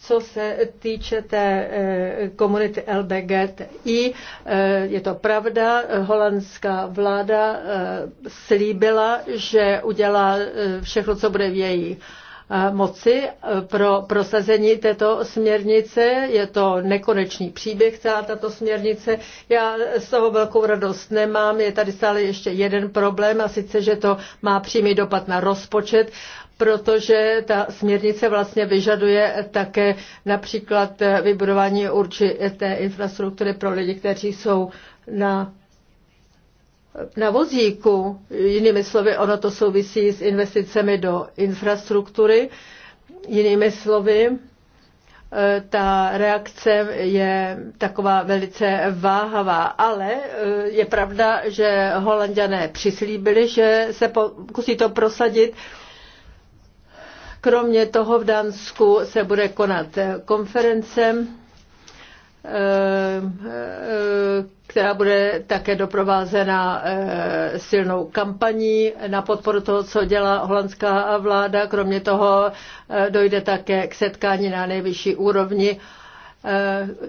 Co se týče té eh, komunity LBGTI, eh, je to pravda, holandská vláda eh, slíbila, že udělá všechno, co bude v jejich Eh, moci eh, pro prosazení této směrnice. Je to nekonečný příběh, celá tato směrnice. Já z toho velkou radost nemám. Je tady stále ještě jeden problém a sice, že to má přímý dopad na rozpočet protože ta směrnice vlastně vyžaduje také například eh, vybudování určité infrastruktury pro lidi, kteří jsou na na vozíku. Jinými slovy, ono to souvisí s investicemi do infrastruktury. Jinými slovy, e, ta reakce je taková velice váhavá, ale e, je pravda, že holanděné přislíbili, že se pokusí to prosadit. Kromě toho v Dánsku se bude konat konference Eh, eh, která bude také doprovázena eh, silnou kampaní na podporu toho, co dělá holandská vláda. Kromě toho dojde také k setkání na nejvyšší úrovni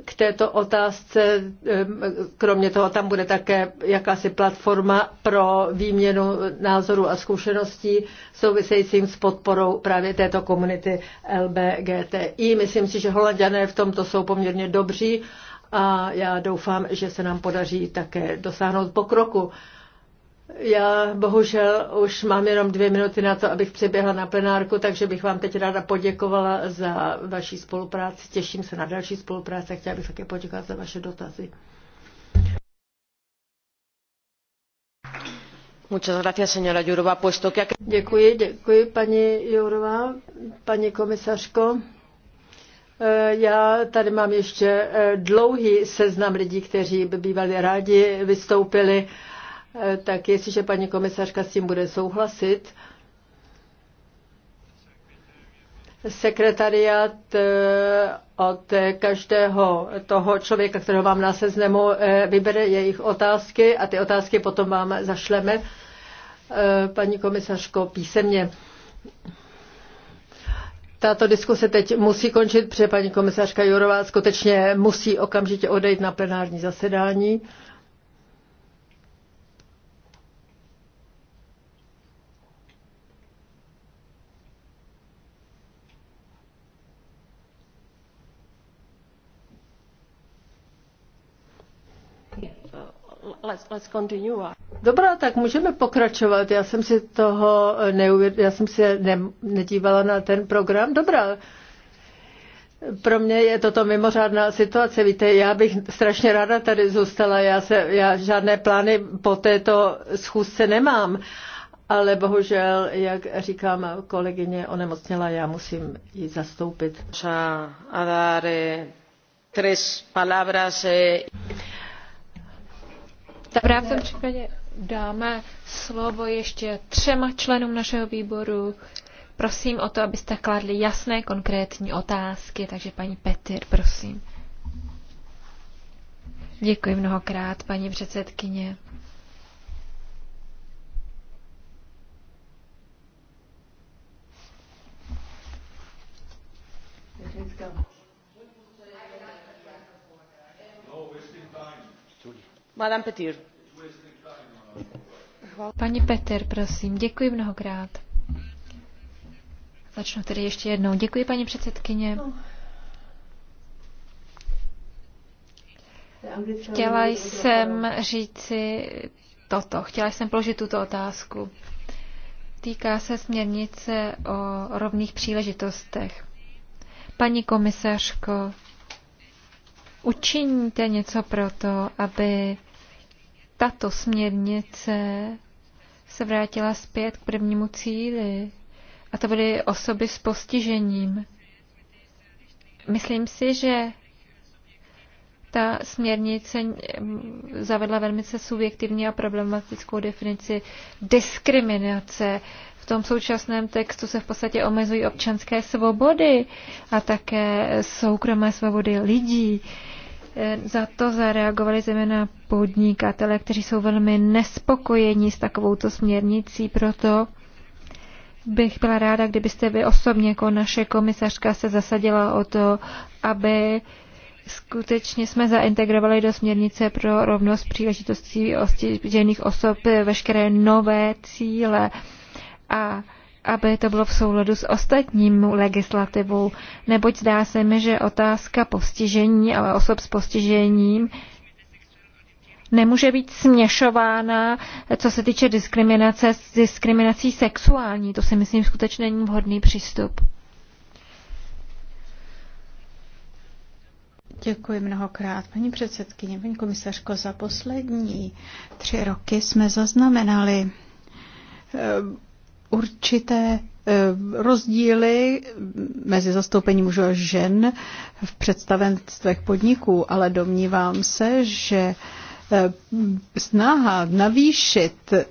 k této otázce. Ehm, kromě toho tam bude také jakási platforma pro výměnu názorů a zkušeností souvisejícím s podporou právě této komunity LBGTI. Myslím si, že holanděné v tomto jsou poměrně dobří a já doufám, že se nám podaří také dosáhnout pokroku. Já bohužel už mám jenom dvě minuty na to, abych přeběhla na plenárku, takže bych vám teď ráda poděkovala za vaši spolupráci. Těším se na další spolupráci a chtěla bych také poděkovat za vaše dotazy. Děkuji, děkuji paní Jourová, paní komisařko. Eh, já tady mám ještě eh, dlouhý seznam lidí, kteří by bývali rádi vystoupili tak jestliže paní komisařka s tím bude souhlasit, sekretariat eh, od každého toho člověka, kterého mám na seznamu, eh, vybere jejich otázky a ty otázky potom vám zašleme, eh, paní komisařko, písemně. Tato diskuse teď musí končit, protože paní komisařka Jurová skutečně musí okamžitě odejít na plenární zasedání. Dobrá, tak můžeme pokračovat. Já jsem si toho neuvěd... já jsem se ne... nedívala na ten program. Dobrá. Pro mě je toto mimořádná situace. Víte, já bych strašně ráda tady zůstala. Já, se, já žádné plány po této schůzce nemám. Ale bohužel, jak říkám, kolegyně onemocněla, já musím ji zastoupit. A dare tres palabras, eh... Dobrá, v tom případě dáme slovo ještě třema členům našeho výboru. Prosím o to, abyste kladli jasné, konkrétní otázky, takže paní Petir, prosím. Děkuji mnohokrát, paní předsedkyně. Let's go. Madame Petir. prosím, děkuji mnohokrát. Začnu tedy ještě jednou. Děkuji, paní předsedkyně. No. Chtěla jsem říci toto. Chtěla jsem položit tuto otázku. Týká se směrnice o rovných příležitostech. Paní komisařko, učiníte něco pro to, aby tato směrnice se vrátila zpět k prvnímu cíli, a to byly osoby s postižením. Myslím si, že ta směrnice zavedla velmi se subjektivní a problematickou definici diskriminace. V tom současném textu se v podstatě omezují občanské svobody a také soukromé svobody lidí. Eh, za to zareagovali zejména podnikatele, kteří jsou velmi nespokojeni s takovouto směrnicí, proto bych byla ráda, kdybyste vy osobně jako naše komisařka se zasadila o to, aby skutečně jsme zaintegrovali do směrnice pro rovnost příležitostí ostěžených osob veškeré nové cíle a aby to bylo v souladu s ostatním legislativou, neboť zdá se mi, že otázka postižení a osob s postižením nemůže být směšována, co se týče diskriminace s diskriminací sexuální. To si myslím skutečně není vhodný přístup. Děkuji mnohokrát, paní předsedkyně, paní komisařko. Za poslední tři roky jsme zaznamenali určité eh, rozdíly mezi zastoupením mužů a žen v představenstvech podniků, ale domnívám se, že eh, snaha navýšit eh,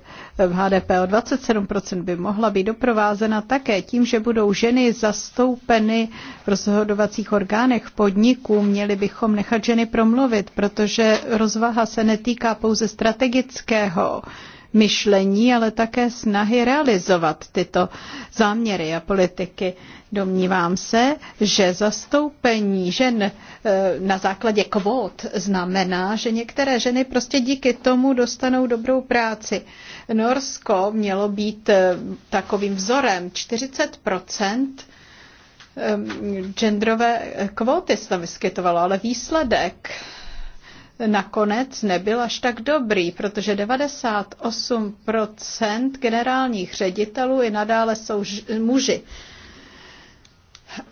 v HDP o 27% by mohla být doprovázena také tím, že budou ženy zastoupeny v rozhodovacích orgánech podniků. Měli bychom nechat ženy promluvit, protože rozvaha se netýká pouze strategického myšlení, ale také snahy realizovat tyto záměry a politiky. Domnívám se, že zastoupení žen eh, na základě kvót znamená, že některé ženy prostě díky tomu dostanou dobrou práci. Norsko mělo být eh, takovým vzorem 40 eh, genderové kvóty se tam vyskytovalo, ale výsledek nakonec nebyl až tak dobrý, protože 98% generálních ředitelů i nadále jsou muži.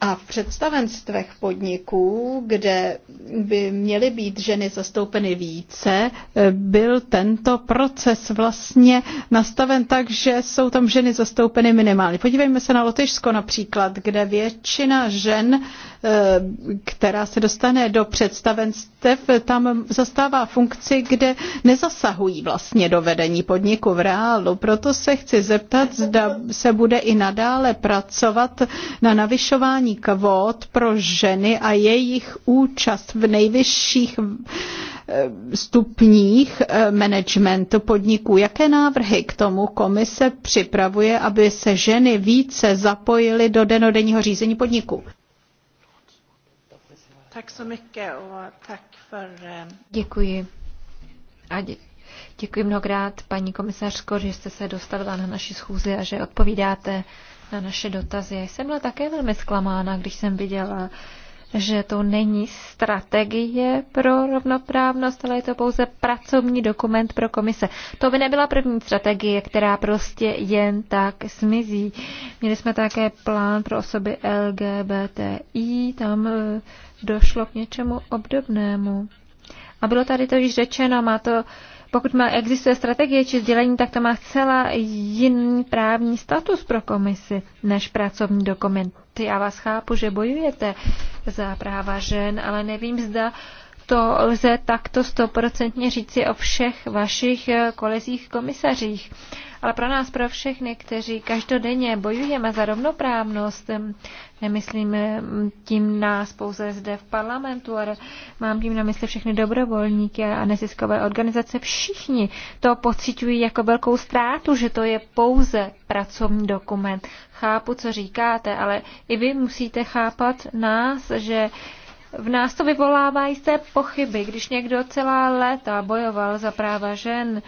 A v představenstvech podniků, kde by měly být ženy zastoupeny více, eh, byl tento proces vlastně nastaven tak, že jsou tam ženy zastoupeny minimálně. Podívejme se na Lotyšsko například, kde většina žen, eh, která se dostane do představenstev, tam zastává funkci, kde nezasahují vlastně do vedení podniku v reálu. Proto se chci zeptat, zda se bude i nadále pracovat na navyšování snižování kvót pro ženy a jejich účast v nejvyšších eh, stupních eh, managementu podniků. Jaké návrhy k tomu komise připravuje, aby se ženy více zapojily do denodenního řízení podniku? Eh, děkuji. A dě- děkuji mnohokrát, paní komisařko, že jste se dostavila na naši schůzi a že odpovídáte na naše dotazy. Já jsem byla také velmi zklamána, když jsem viděla, že to není strategie pro rovnoprávnost, ale je to pouze pracovní dokument pro komise. To by nebyla první strategie, která prostě jen tak smizí. Měli jsme také plán pro osoby LGBTI, tam e, došlo k něčemu obdobnému. A bylo tady to již řečeno, má to pokud má existuje strategie či sdělení, tak to má zcela jiný právní status pro komisi než pracovní dokument. Já vás chápu, že bojujete za práva žen, ale nevím, zda to lze takto stoprocentně říci o všech vašich kolezích komisařích. Uh, ale pro nás, pro všechny, kteří každodenně bojujeme za rovnoprávnost, nemyslím tím nás pouze zde v parlamentu, ale mám tím na mysli všechny dobrovolníky a neziskové organizace, všichni to pocitují jako velkou ztrátu, že to je pouze pracovní dokument. Chápu, co říkáte, ale i vy musíte chápat nás, že v nás to vyvolává jisté pochyby, když někdo celá léta bojoval za práva žen,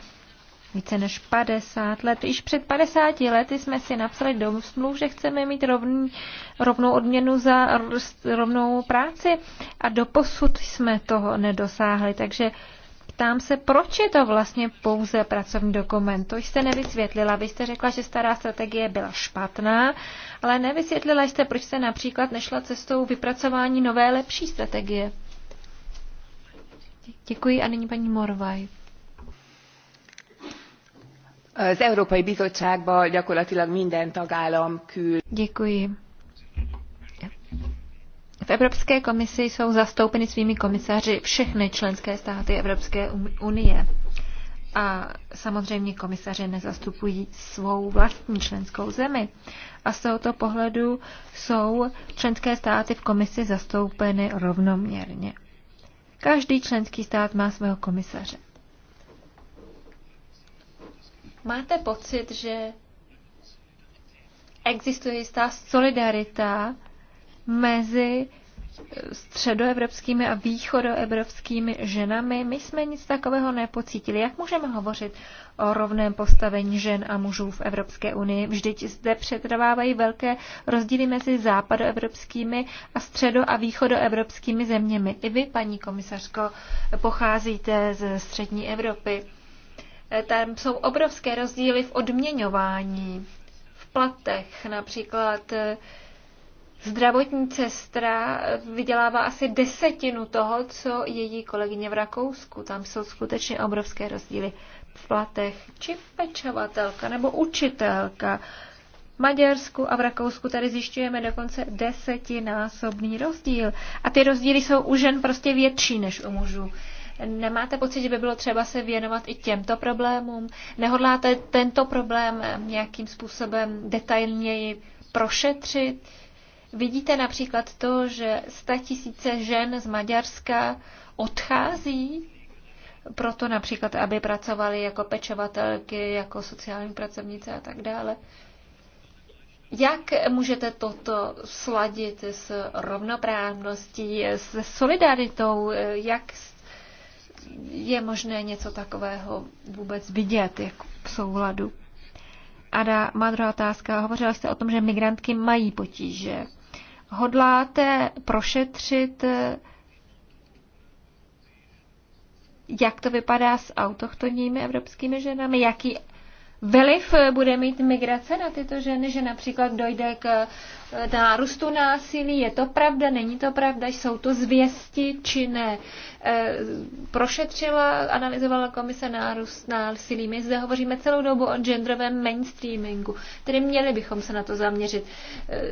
více než 50 let. Již před 50 lety jsme si napsali do smluv, že chceme mít rovný, rovnou odměnu za rovnou práci a do posud jsme toho nedosáhli. Takže ptám se, proč je to vlastně pouze pracovní dokument? To jste nevysvětlila. Vy jste řekla, že stará strategie byla špatná, ale nevysvětlila jste, proč jste například nešla cestou vypracování nové, lepší strategie. Děkuji a nyní paní Morvaj az Európai Bizottságba gyakorlatilag minden tagállam kül. V Evropské komisi jsou zastoupeny svými komisaři všechny členské státy Evropské unie. A samozřejmě komisaři nezastupují svou vlastní členskou zemi. A z tohoto pohledu jsou členské státy v komisi zastoupeny rovnoměrně. Každý členský stát má svého komisaře. Máte pocit, že existuje jistá solidarita mezi středoevropskými a východoevropskými ženami. My jsme nic takového nepocítili. Jak můžeme hovořit o rovném postavení žen a mužů v Evropské unii? Vždyť zde přetrvávají velké rozdíly mezi západoevropskými a středo- a východoevropskými zeměmi. I vy, paní komisařko, pocházíte z střední Evropy. Eh, tam jsou obrovské rozdíly v odměňování, v platech. Například eh, zdravotní sestra eh, vydělává asi desetinu toho, co její kolegyně v Rakousku. Tam jsou skutečně obrovské rozdíly v platech. Či pečovatelka nebo učitelka. V Maďarsku a v Rakousku tady zjišťujeme dokonce desetinásobný rozdíl. A ty rozdíly jsou u žen prostě větší než u mužů. Nemáte pocit, že by bylo třeba se věnovat i těmto problémům? Nehodláte tento problém nějakým způsobem detailněji prošetřit? Vidíte například to, že tisíce žen z Maďarska odchází proto například, aby pracovali jako pečovatelky, jako sociální pracovnice a tak dále. Jak můžete toto sladit s rovnoprávností, s solidaritou? Jak je možné něco takového vůbec vidět, jak v souladu. A dá, má druhá otázka. Hovořila jste o tom, že migrantky mají potíže. Hodláte prošetřit, eh, jak to vypadá s autochtonními evropskými ženami, jaký vliv eh, bude mít migrace na tyto ženy, že například dojde k eh, nárůstu násilí. Je to pravda, není to pravda, jsou to zvěsti či ne? Eh, prošetřila, analyzovala komise nárůst násilí. My zde hovoříme celou dobu o genderovém mainstreamingu, tedy měli bychom se na to zaměřit,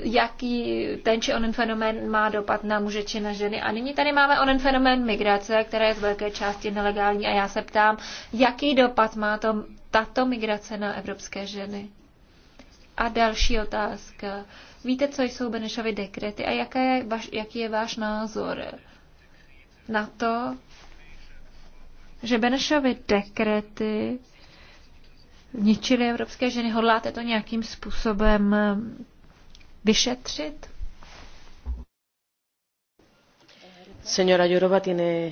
jaký ten či onen fenomén má dopad na muže či na ženy. A nyní tady máme onen fenomén migrace, která je z velké části nelegální a já se ptám, jaký dopad má to tato migrace na evropské ženy? A další otázka. Víte, co jsou Benešovy dekrety a jaká je vaš, jaký je váš názor na to, že Benešovy dekrety ničily evropské ženy? Hodláte to nějakým způsobem eh, vyšetřit? Senora Jurova, tiene...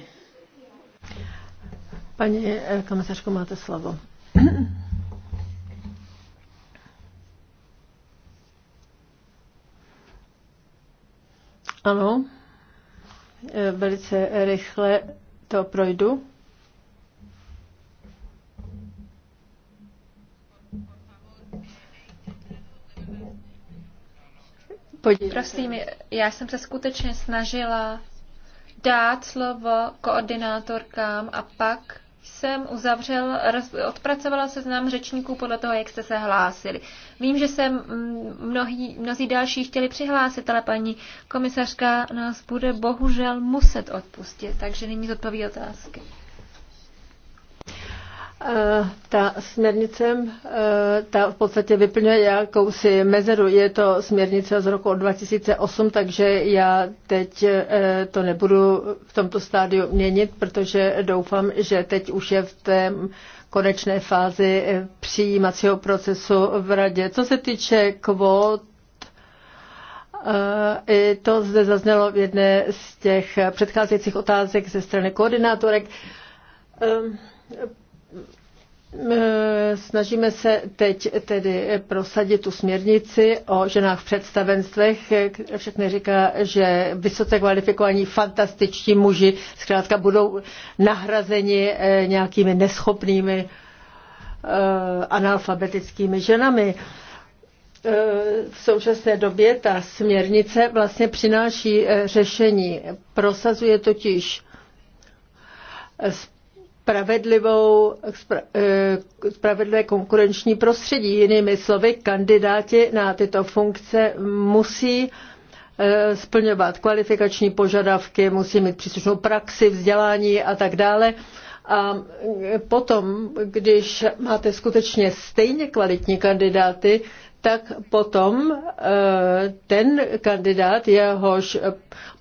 Paní eh, komisařko, máte slovo. Ano, e, velice rychle to projdu. Podívejte. Prosím, já jsem se skutečně snažila dát slovo koordinátorkám a pak jsem uzavřel, odpracovala znám řečníků podle toho, jak jste se hlásili. Vím, že se mnohí, mnozí další chtěli přihlásit, ale paní komisařka nás bude bohužel muset odpustit, takže nyní zodpoví otázky. Ta směrnice, e, ta v podstatě vyplňuje jakousi mezeru. Je to směrnice z roku 2008, takže já teď e, to nebudu v tomto stádiu měnit, protože doufám, že teď už je v té konečné fázi přijímacího procesu v radě. Co se týče kvót, e, i to zde zaznělo v jedné z těch předcházejících otázek ze strany koordinátorek. Eh, snažíme se teď tedy prosadit tu směrnici o ženách v představenstvech. Všechny říká, že vysoce kvalifikovaní fantastičtí muži zkrátka budou nahrazeni eh, nějakými neschopnými eh, analfabetickými ženami. V současné době ta směrnice vlastně přináší řešení. Prosazuje totiž spravedlivou, spra, eh, spravedlivé konkurenční prostředí. Jinými slovy, kandidáti na tyto funkce musí eh, splňovat kvalifikační požadavky, musí mít příslušnou praxi, vzdělání a tak dále. A eh, potom, když máte skutečně stejně kvalitní kandidáty, tak potom eh, ten kandidát, jehož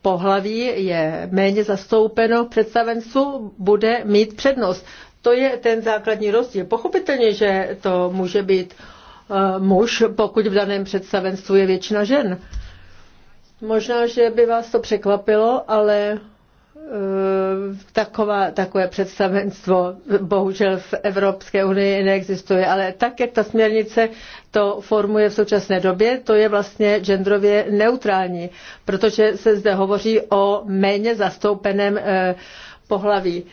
pohlaví je méně zastoupeno v představenstvu, bude mít přednost. To je ten základní rozdíl. Pochopitelně, že to může být eh, muž, pokud v daném představenstvu je většina žen. Možná, že by vás to překvapilo, ale Eh, taková, takové představenstvo bohužel v Evropské unii neexistuje, ale tak, jak ta směrnice to formuje v současné době, to je vlastně genderově neutrální, protože se zde hovoří o méně zastoupeném eh, pohlaví.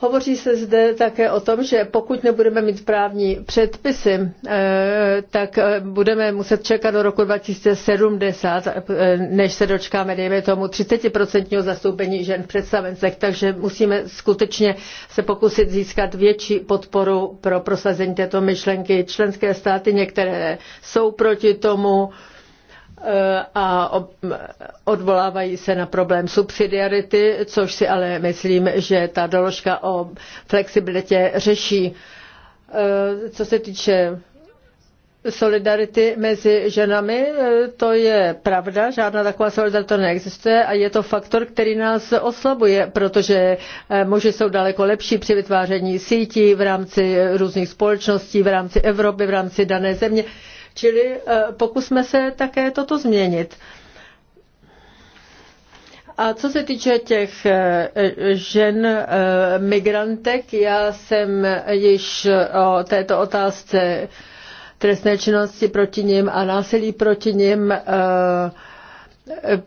Hovoří se zde také o tom, že pokud nebudeme mít právní předpisy, eh, tak eh, budeme muset čekat do roku 2070, eh, než se dočkáme, dejme tomu, 30% zastoupení žen v představencech, takže musíme skutečně se pokusit získat větší podporu pro prosazení této myšlenky. Členské státy některé jsou proti tomu, a odvolávají se na problém subsidiarity, což si ale myslím, že ta doložka o flexibilitě řeší. E, co se týče solidarity mezi ženami, e, to je pravda, žádná taková solidarita neexistuje a je to faktor, který nás oslabuje, protože e, muži jsou daleko lepší při vytváření sítí v rámci různých společností, v rámci Evropy, v rámci dané země. Čili eh, pokusme se také toto změnit. A co se týče těch eh, žen eh, migrantek, já jsem již o této otázce trestné činnosti proti ním a násilí proti ním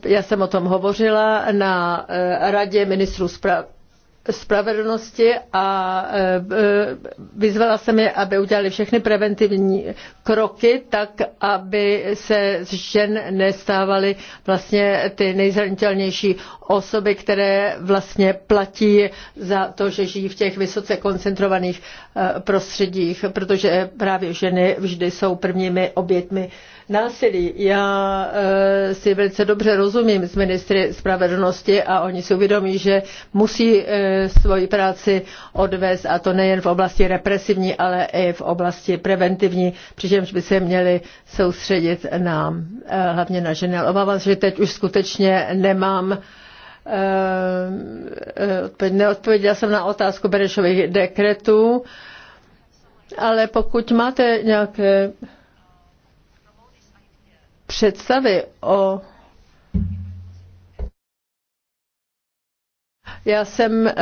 já jsem o tom hovořila na Radě ministrů spravedlnosti spravedlnosti a e, e, vyzvala jsem je, aby udělali všechny preventivní kroky, tak aby se z žen nestávaly vlastně ty nejzranitelnější osoby, které vlastně platí za to, že žijí v těch vysoce koncentrovaných e, prostředích, protože právě ženy vždy jsou prvními obětmi násilí. Já e, si velice dobře rozumím s ministry spravedlnosti a oni si uvědomí, že musí e, svoji práci odvést a to nejen v oblasti represivní, ale i v oblasti preventivní, přičemž by se měli soustředit na, e, hlavně na ženy. Obávám se, že teď už skutečně nemám neodpověděla jsem na otázku Berešových dekretů, ale pokud máte nějaké představy o Já jsem eh,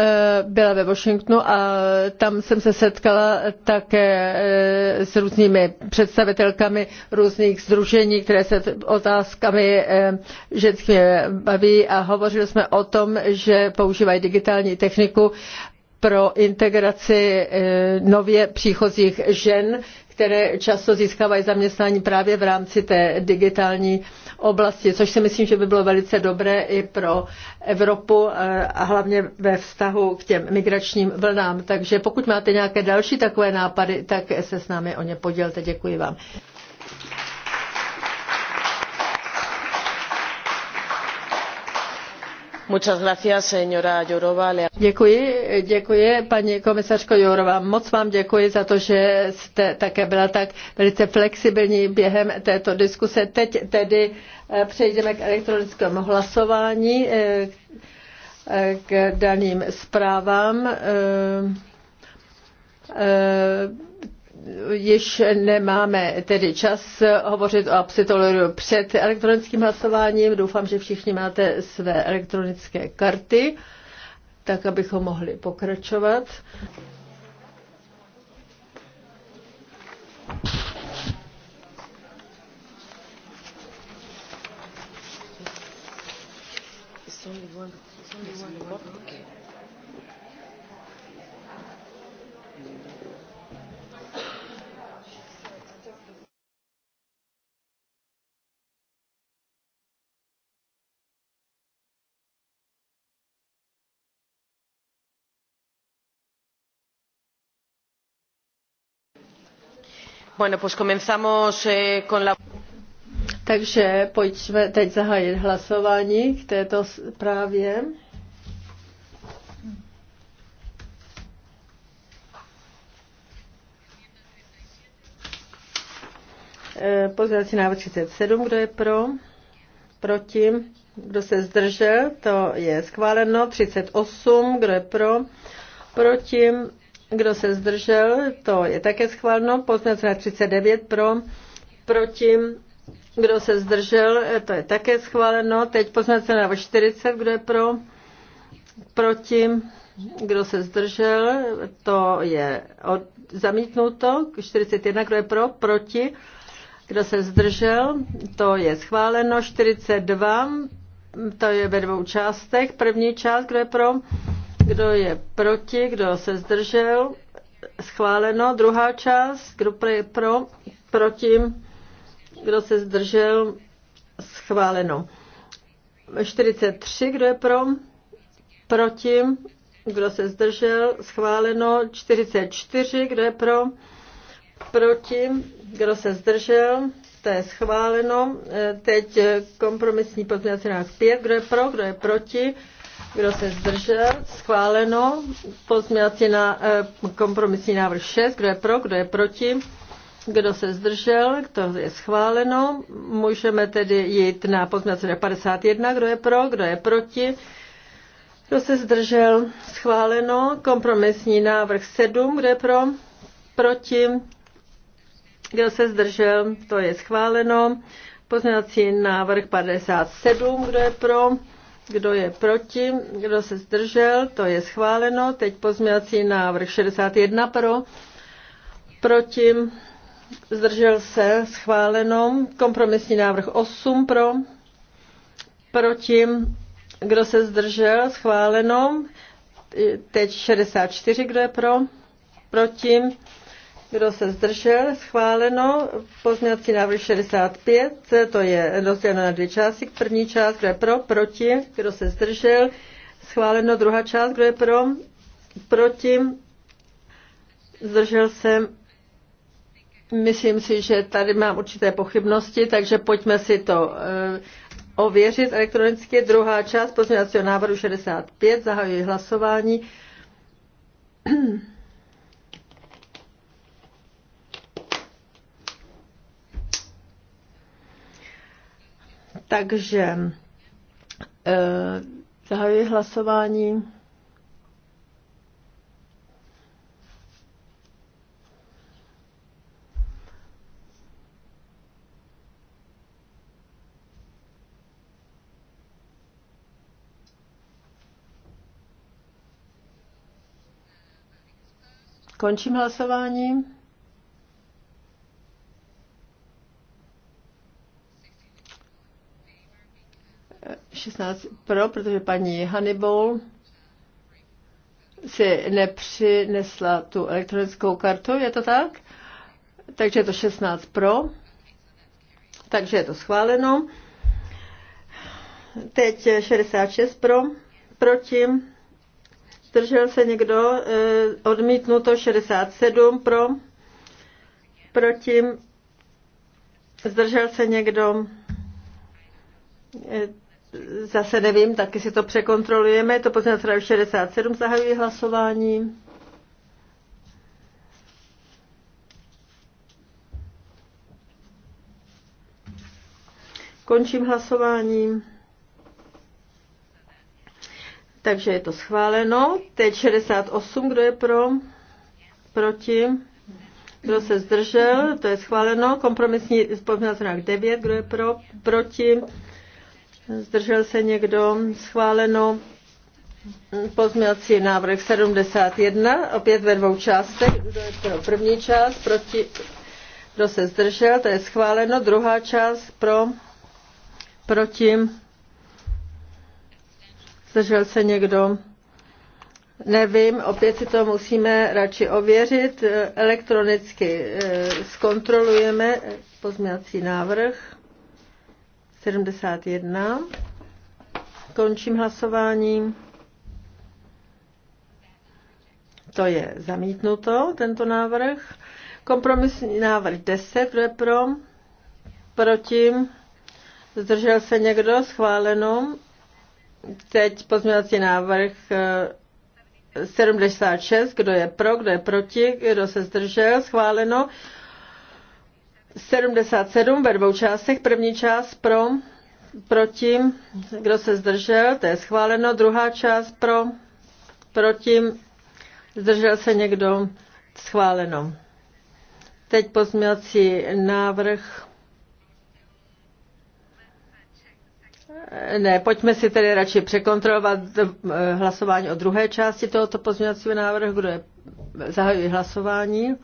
byla ve Washingtonu a tam jsem se setkala také eh, s různými představitelkami různých združení, které se otázkami eh, ženskými baví a hovořili jsme o tom, že používají digitální techniku pro integraci nově příchozích žen které často získávají zaměstnání právě v rámci té digitální oblasti, což si myslím, že by bylo velice dobré i pro Evropu eh, a hlavně ve vztahu k těm migračním vlnám. Takže pokud máte nějaké další takové nápady, tak se s námi o ně podělte. Děkuji vám. Děkuji, paní komisařko Jourová. Moc vám děkuji za to, že jste také byla tak velice flexibilní během této diskuse. Teď tedy eh, přejdeme k elektronickému hlasování, eh, k daným zprávám. Eh, již nemáme tedy čas hovořit o absitoloru před elektronickým hlasováním. Doufám, že všichni máte své elektronické karty, tak abychom mohli pokračovat. Okay. Eh, Takže pojďme teď zahájit hlasování k této zprávě. Eh, Pozdravací návrh 37, kdo je pro? Proti? Kdo se zdržel? To je schváleno. 38, kdo je pro? Proti? Kdo se zdržel, to je také schváleno. Poznací na 39 pro, proti. Kdo se zdržel, to je také schváleno. Teď poznací na 40, kdo je pro, proti. Kdo se zdržel, to je od, zamítnuto. 41, kdo je pro, proti. Kdo se zdržel, to je schváleno. 42, to je ve dvou částech. První část, kdo je pro, kdo je proti, kdo se zdržel? Schváleno. Druhá část. Kdo je pro, proti, kdo se zdržel? Schváleno. 43, kdo je pro, proti, kdo se zdržel? Schváleno. 44, kdo je pro, proti, kdo se zdržel? To je schváleno. E, teď e, kompromisní pozměňovací návrh 5, kdo je pro, kdo je proti, kdo se zdržel? Schváleno. Pozměňovací na eh, kompromisní návrh 6. Kdo je pro? Kdo je proti? Kdo se zdržel? To je schváleno. Můžeme tedy jít na pozměňovací na 51. Kdo je pro? Kdo je proti? Kdo se zdržel? Schváleno. Kompromisní návrh 7. Kdo je pro? Proti? Kdo se zdržel? To je schváleno. Poznací návrh 57. Kdo je pro? kdo je proti, kdo se zdržel, to je schváleno. Teď pozměňovací návrh 61 pro, proti, zdržel se, schváleno. Kompromisní návrh 8 pro, proti, kdo se zdržel, schváleno. Teď 64, kdo je pro, proti, kdo se zdržel? Schváleno. Pozměňovací návrh 65, to je rozděleno na dvě části. První část, kdo je pro, proti, kdo se zdržel? Schváleno. Druhá část, kdo je pro, proti, zdržel se. Myslím si, že tady mám určité pochybnosti, takže pojďme si to eh, ověřit elektronicky. Druhá část pozměňovacího návrhu 65, zahajuji hlasování. [clears throat] Takže eh, zahajuji hlasování. Končím hlasování. 16 pro, protože paní Hannibal si nepřinesla tu elektronickou kartu, je to tak? Takže je to 16 pro. Takže je to schváleno. Teď 66 pro, proti. Zdržel se někdo? Eh, odmítnuto 67 pro, proti. Zdržel se někdo? Eh, Zase nevím, taky si to překontrolujeme. to poznat 67, zahajuji hlasování. Končím hlasování. Takže je to schváleno. Teď 68, kdo je pro? Proti? Kdo se zdržel? To je schváleno. Kompromisní pozměňovací návrh 9, kdo je pro? Proti? Zdržel se někdo? Schváleno. Pozměňovací návrh 71, opět ve dvou částech. Kdo je pro první část? Proti? Kdo se zdržel? To je schváleno. Druhá část pro? Proti? Zdržel se někdo? Nevím, opět si to musíme radši ověřit. Elektronicky eh, zkontrolujeme pozměňovací návrh. 71. Končím hlasování. To je zamítnuto, tento návrh. Kompromisní návrh 10, kdo je pro? Proti? Zdržel se někdo? Schváleno. Teď pozměňovací návrh 76, eh, kdo je pro, kdo je proti, kdo se zdržel, schváleno. 77 ve dvou částech. První část pro, proti, kdo se zdržel, to je schváleno. Druhá část pro, proti, zdržel se někdo, schváleno. Teď pozměňovací návrh. Ne, pojďme si tedy radši překontrolovat eh, hlasování o druhé části tohoto pozměňovacího návrhu, kdo je zahajuje hlasování.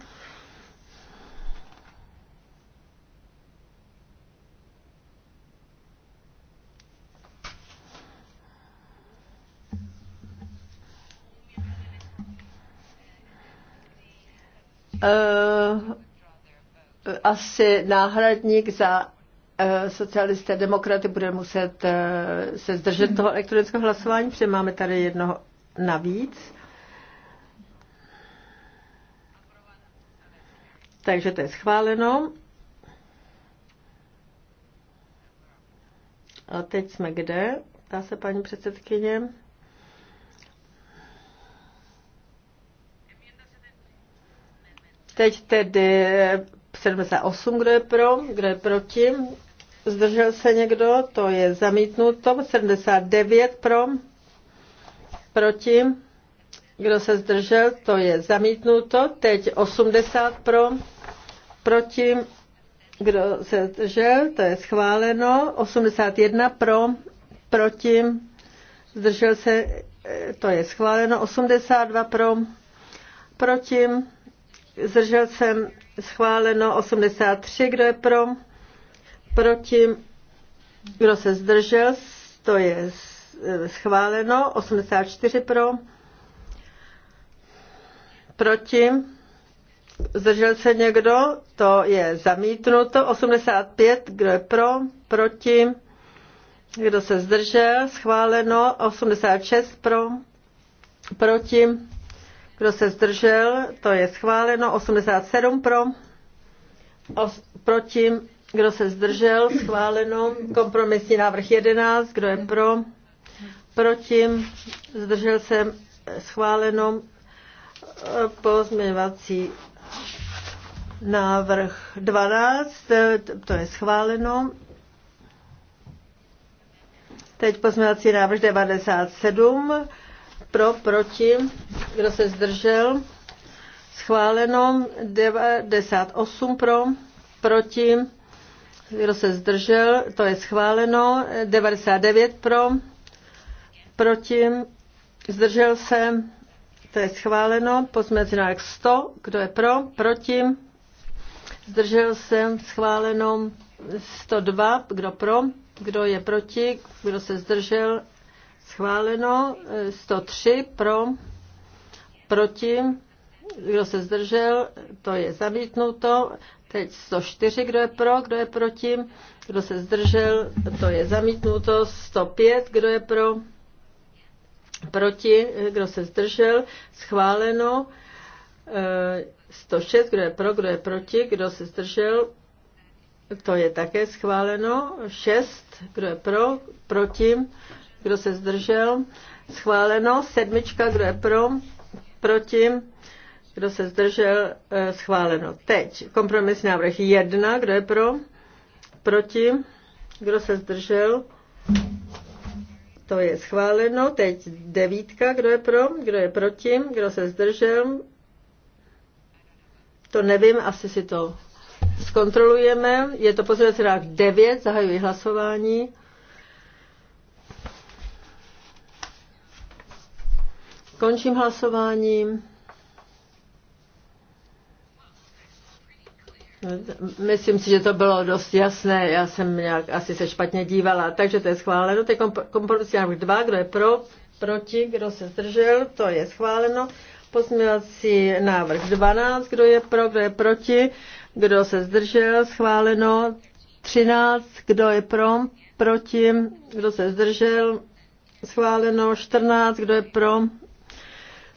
Eh, asi náhradník za eh, socialisté demokraty bude muset eh, se zdržet toho elektronického hlasování, protože máme tady jednoho navíc. Takže to je schváleno. A teď jsme kde? Dá se paní předsedkyně. Teď tedy 78, kdo je pro, kdo je proti. Zdržel se někdo, to je zamítnuto. 79 pro, proti. Kdo se zdržel, to je zamítnuto. Teď 80 pro, proti. Kdo se zdržel, to je schváleno. 81 pro, proti. Zdržel se, to je schváleno. 82 pro, proti zdržel jsem schváleno 83, kdo je pro, proti, kdo se zdržel, to je e, schváleno 84 pro, proti, zdržel se někdo, to je zamítnuto 85, kdo je pro, proti, kdo se zdržel, schváleno 86 pro, proti, kdo se zdržel, to je schváleno. 87 pro, os, proti, kdo se zdržel, schváleno. Kompromisní návrh 11, kdo je pro, proti, zdržel se, schváleno. Pozměňovací návrh 12, to je schváleno. Teď pozměňovací návrh 97, pro, proti, kdo se zdržel? Schváleno 98 pro, proti, kdo se zdržel, to je schváleno, 99 pro, proti, zdržel se, to je schváleno, pozměňovací návrh 100, kdo je pro, proti, zdržel se, schváleno 102, kdo pro, kdo je proti, kdo se zdržel, schváleno 103 pro, Proti? Kdo se zdržel? To je zamítnuto. Teď 104, kdo je pro, kdo je proti? Kdo se zdržel? To je zamítnuto. 105, kdo je pro? Proti? Kdo se zdržel? Schváleno. 106, eh, kdo je pro, kdo je proti, kdo se zdržel, to je také schváleno. 6, kdo je pro, proti, kdo se zdržel, schváleno. Sedmička, kdo je pro, proti, kdo se zdržel, eh, schváleno. Teď kompromis návrh 1, kdo je pro, proti, kdo se zdržel, to je schváleno. Teď devítka, kdo je pro, kdo je proti, kdo se zdržel, to nevím, asi si to zkontrolujeme. Je to pozorovací návrh 9, zahajuji hlasování. Končím hlasování. Myslím si, že to bylo dost jasné, já jsem nějak asi se špatně dívala, takže to je schváleno. Teď kompromisní návrh 2, kdo je pro, proti, kdo se zdržel, to je schváleno. Pozměňovací návrh 12, kdo je pro, kdo je proti, kdo se zdržel, schváleno. 13, kdo je pro, proti, kdo se zdržel, schváleno. 14, kdo je pro,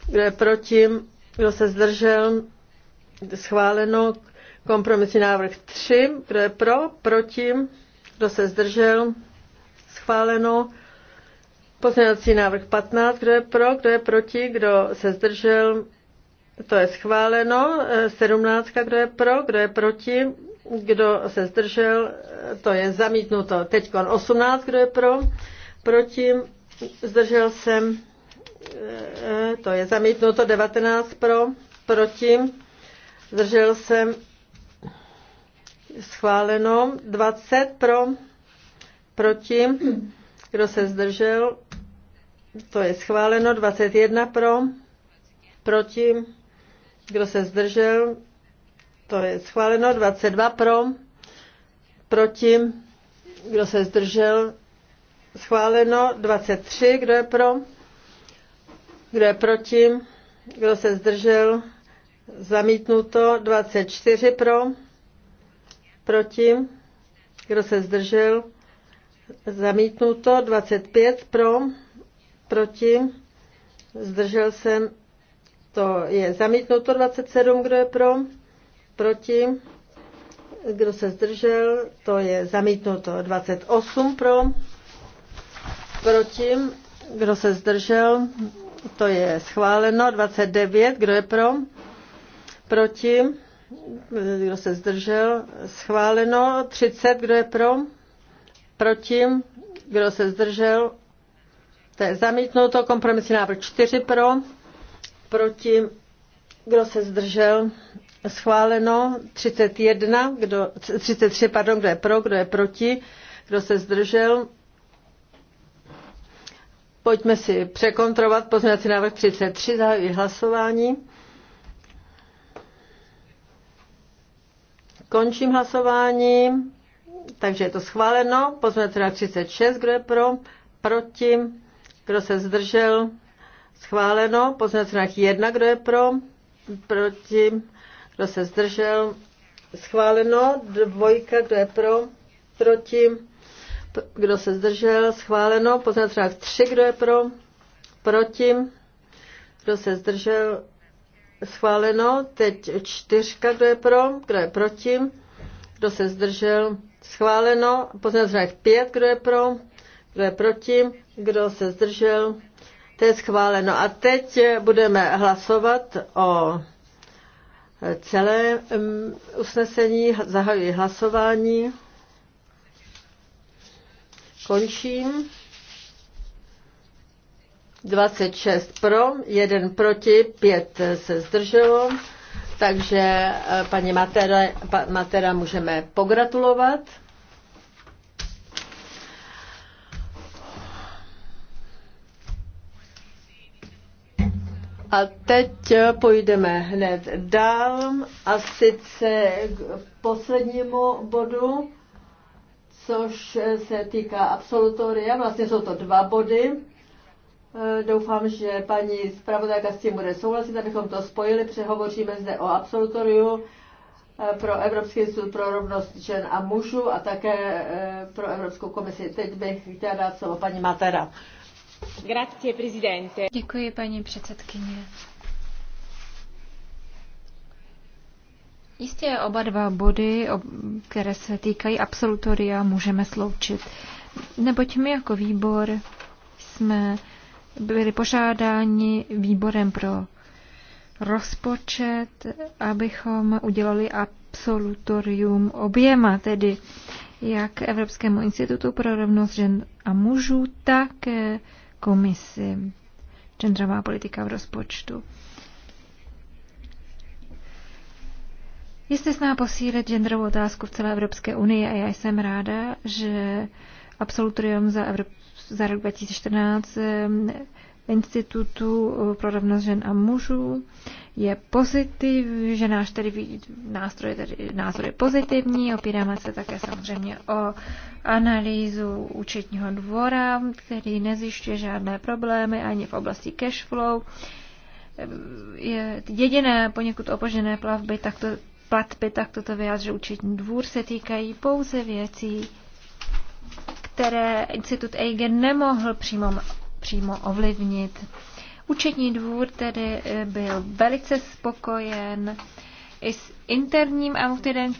kdo je proti? Kdo se zdržel? Schváleno. Kompromisní návrh 3. Kdo je pro? Proti? Kdo se zdržel? Schváleno. Pozměňovací návrh 15. Kdo je pro? Kdo je proti? Kdo se zdržel? To je schváleno. 17. Kdo je pro? Kdo je proti? Kdo se zdržel? To je zamítnuto. Teď 18. Kdo je pro? Proti? Zdržel jsem to je zamítnuto 19 pro, proti, zdržel se schváleno 20 pro, proti, kdo se zdržel, to je schváleno 21 pro, proti, kdo se zdržel, to je schváleno 22 pro, proti, kdo se zdržel, schváleno 23, kdo je pro, kdo je proti? Kdo se zdržel? Zamítnuto 24 pro, proti, kdo se zdržel, zamítnuto 25 pro, proti, zdržel jsem, to je zamítnuto 27, kdo je pro, proti, kdo se zdržel, to je zamítnuto 28 pro, proti, kdo se zdržel, to je schváleno. 29, kdo je pro? Proti? Kdo se zdržel? Schváleno. 30, kdo je pro? Proti? Kdo se zdržel? To je zamítnuto. Kompromisní návrh 4 pro. Proti? Kdo se zdržel? Schváleno. 31, kdo, 33, pardon, kdo je pro, kdo je proti? Kdo se zdržel? Pojďme si překontrolovat pozměňovací návrh 33, zahajuji hlasování. Končím hlasování, takže je to schváleno. Pozměňovací návrh 36, kdo je pro, proti, kdo se zdržel, schváleno. Pozměňovací návrh 1, kdo je pro, proti, kdo se zdržel, schváleno. Dvojka, kdo je pro, proti, kdo se zdržel? Schváleno. poznat návrh 3. Kdo je pro? Proti? Kdo se zdržel? Schváleno. Teď čtyřka. Kdo je pro? Kdo je proti? Kdo se zdržel? Schváleno. poznat návrh 5. Kdo je pro? Kdo je proti? Kdo se zdržel? To je schváleno. A teď budeme hlasovat o celé usnesení. Zahajuji hlasování. Končím. 26 pro, 1 proti, 5 se zdrželo. Takže eh, paní Matera, pa, Matera můžeme pogratulovat. A teď půjdeme hned dál a sice k poslednímu bodu což se týká absolutoria. Vlastně jsou to dva body. E, doufám, že paní zpravodajka s tím bude souhlasit, abychom to spojili. Přehovoříme zde o absolutoriu e, pro Evropský institut pro rovnost žen a mužů a také e, pro Evropskou komisi. Teď bych chtěla dát slovo paní Matera. Grazie, prezidente. Děkuji, paní předsedkyně. Jistě oba dva body, které se týkají absolutoria, můžeme sloučit. Neboť my jako výbor jsme byli požádáni výborem pro rozpočet, abychom udělali absolutorium oběma, tedy jak Evropskému institutu pro rovnost žen a mužů, tak eh, komisi genderová politika v rozpočtu. Jste sná posílit genderovou otázku v celé Evropské unii a já jsem ráda, že absolutorium za, Evrop- za rok 2014 Institutu pro rovnost žen a mužů je pozitiv, že náš tedy nástroj, tedy názor je pozitivní, opíráme se také samozřejmě o analýzu účetního dvora, který nezjišťuje žádné problémy ani v oblasti cash flow. Je jediné poněkud opožené plavby, tak to platby, tak toto vyjádřil účetní dvůr, se týkají pouze věcí, které institut Eigen nemohl přímo, přímo ovlivnit. Účetní dvůr tedy eh, byl velice spokojen i s interním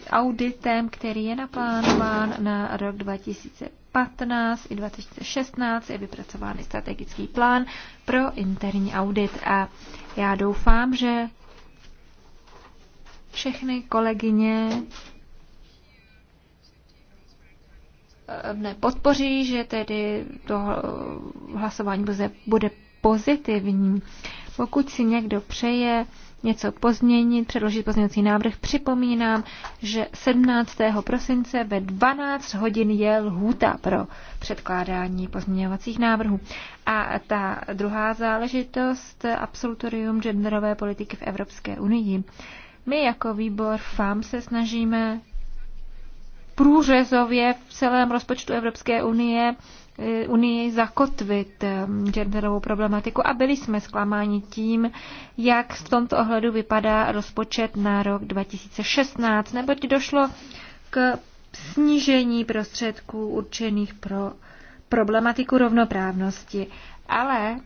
auditem, který je naplánován na rok 2015 i 2016. Je vypracován strategický plán pro interní audit a já doufám, že všechny kolegyně eh, mne podpoří, že tedy to hlasování bude, bude pozitivní. Pokud si někdo přeje něco pozměnit, předložit pozměňovací návrh, připomínám, že 17. prosince ve 12 hodin je lhůta pro předkládání pozměňovacích návrhů. A ta druhá záležitost, absolutorium genderové politiky v Evropské unii. My jako výbor FAM se snažíme průřezově v celém rozpočtu Evropské unie eh, Unii zakotvit ehm, genderovou problematiku a byli jsme zklamáni tím, jak v tomto ohledu vypadá rozpočet na rok 2016, neboť došlo k snížení prostředků určených pro problematiku rovnoprávnosti. Ale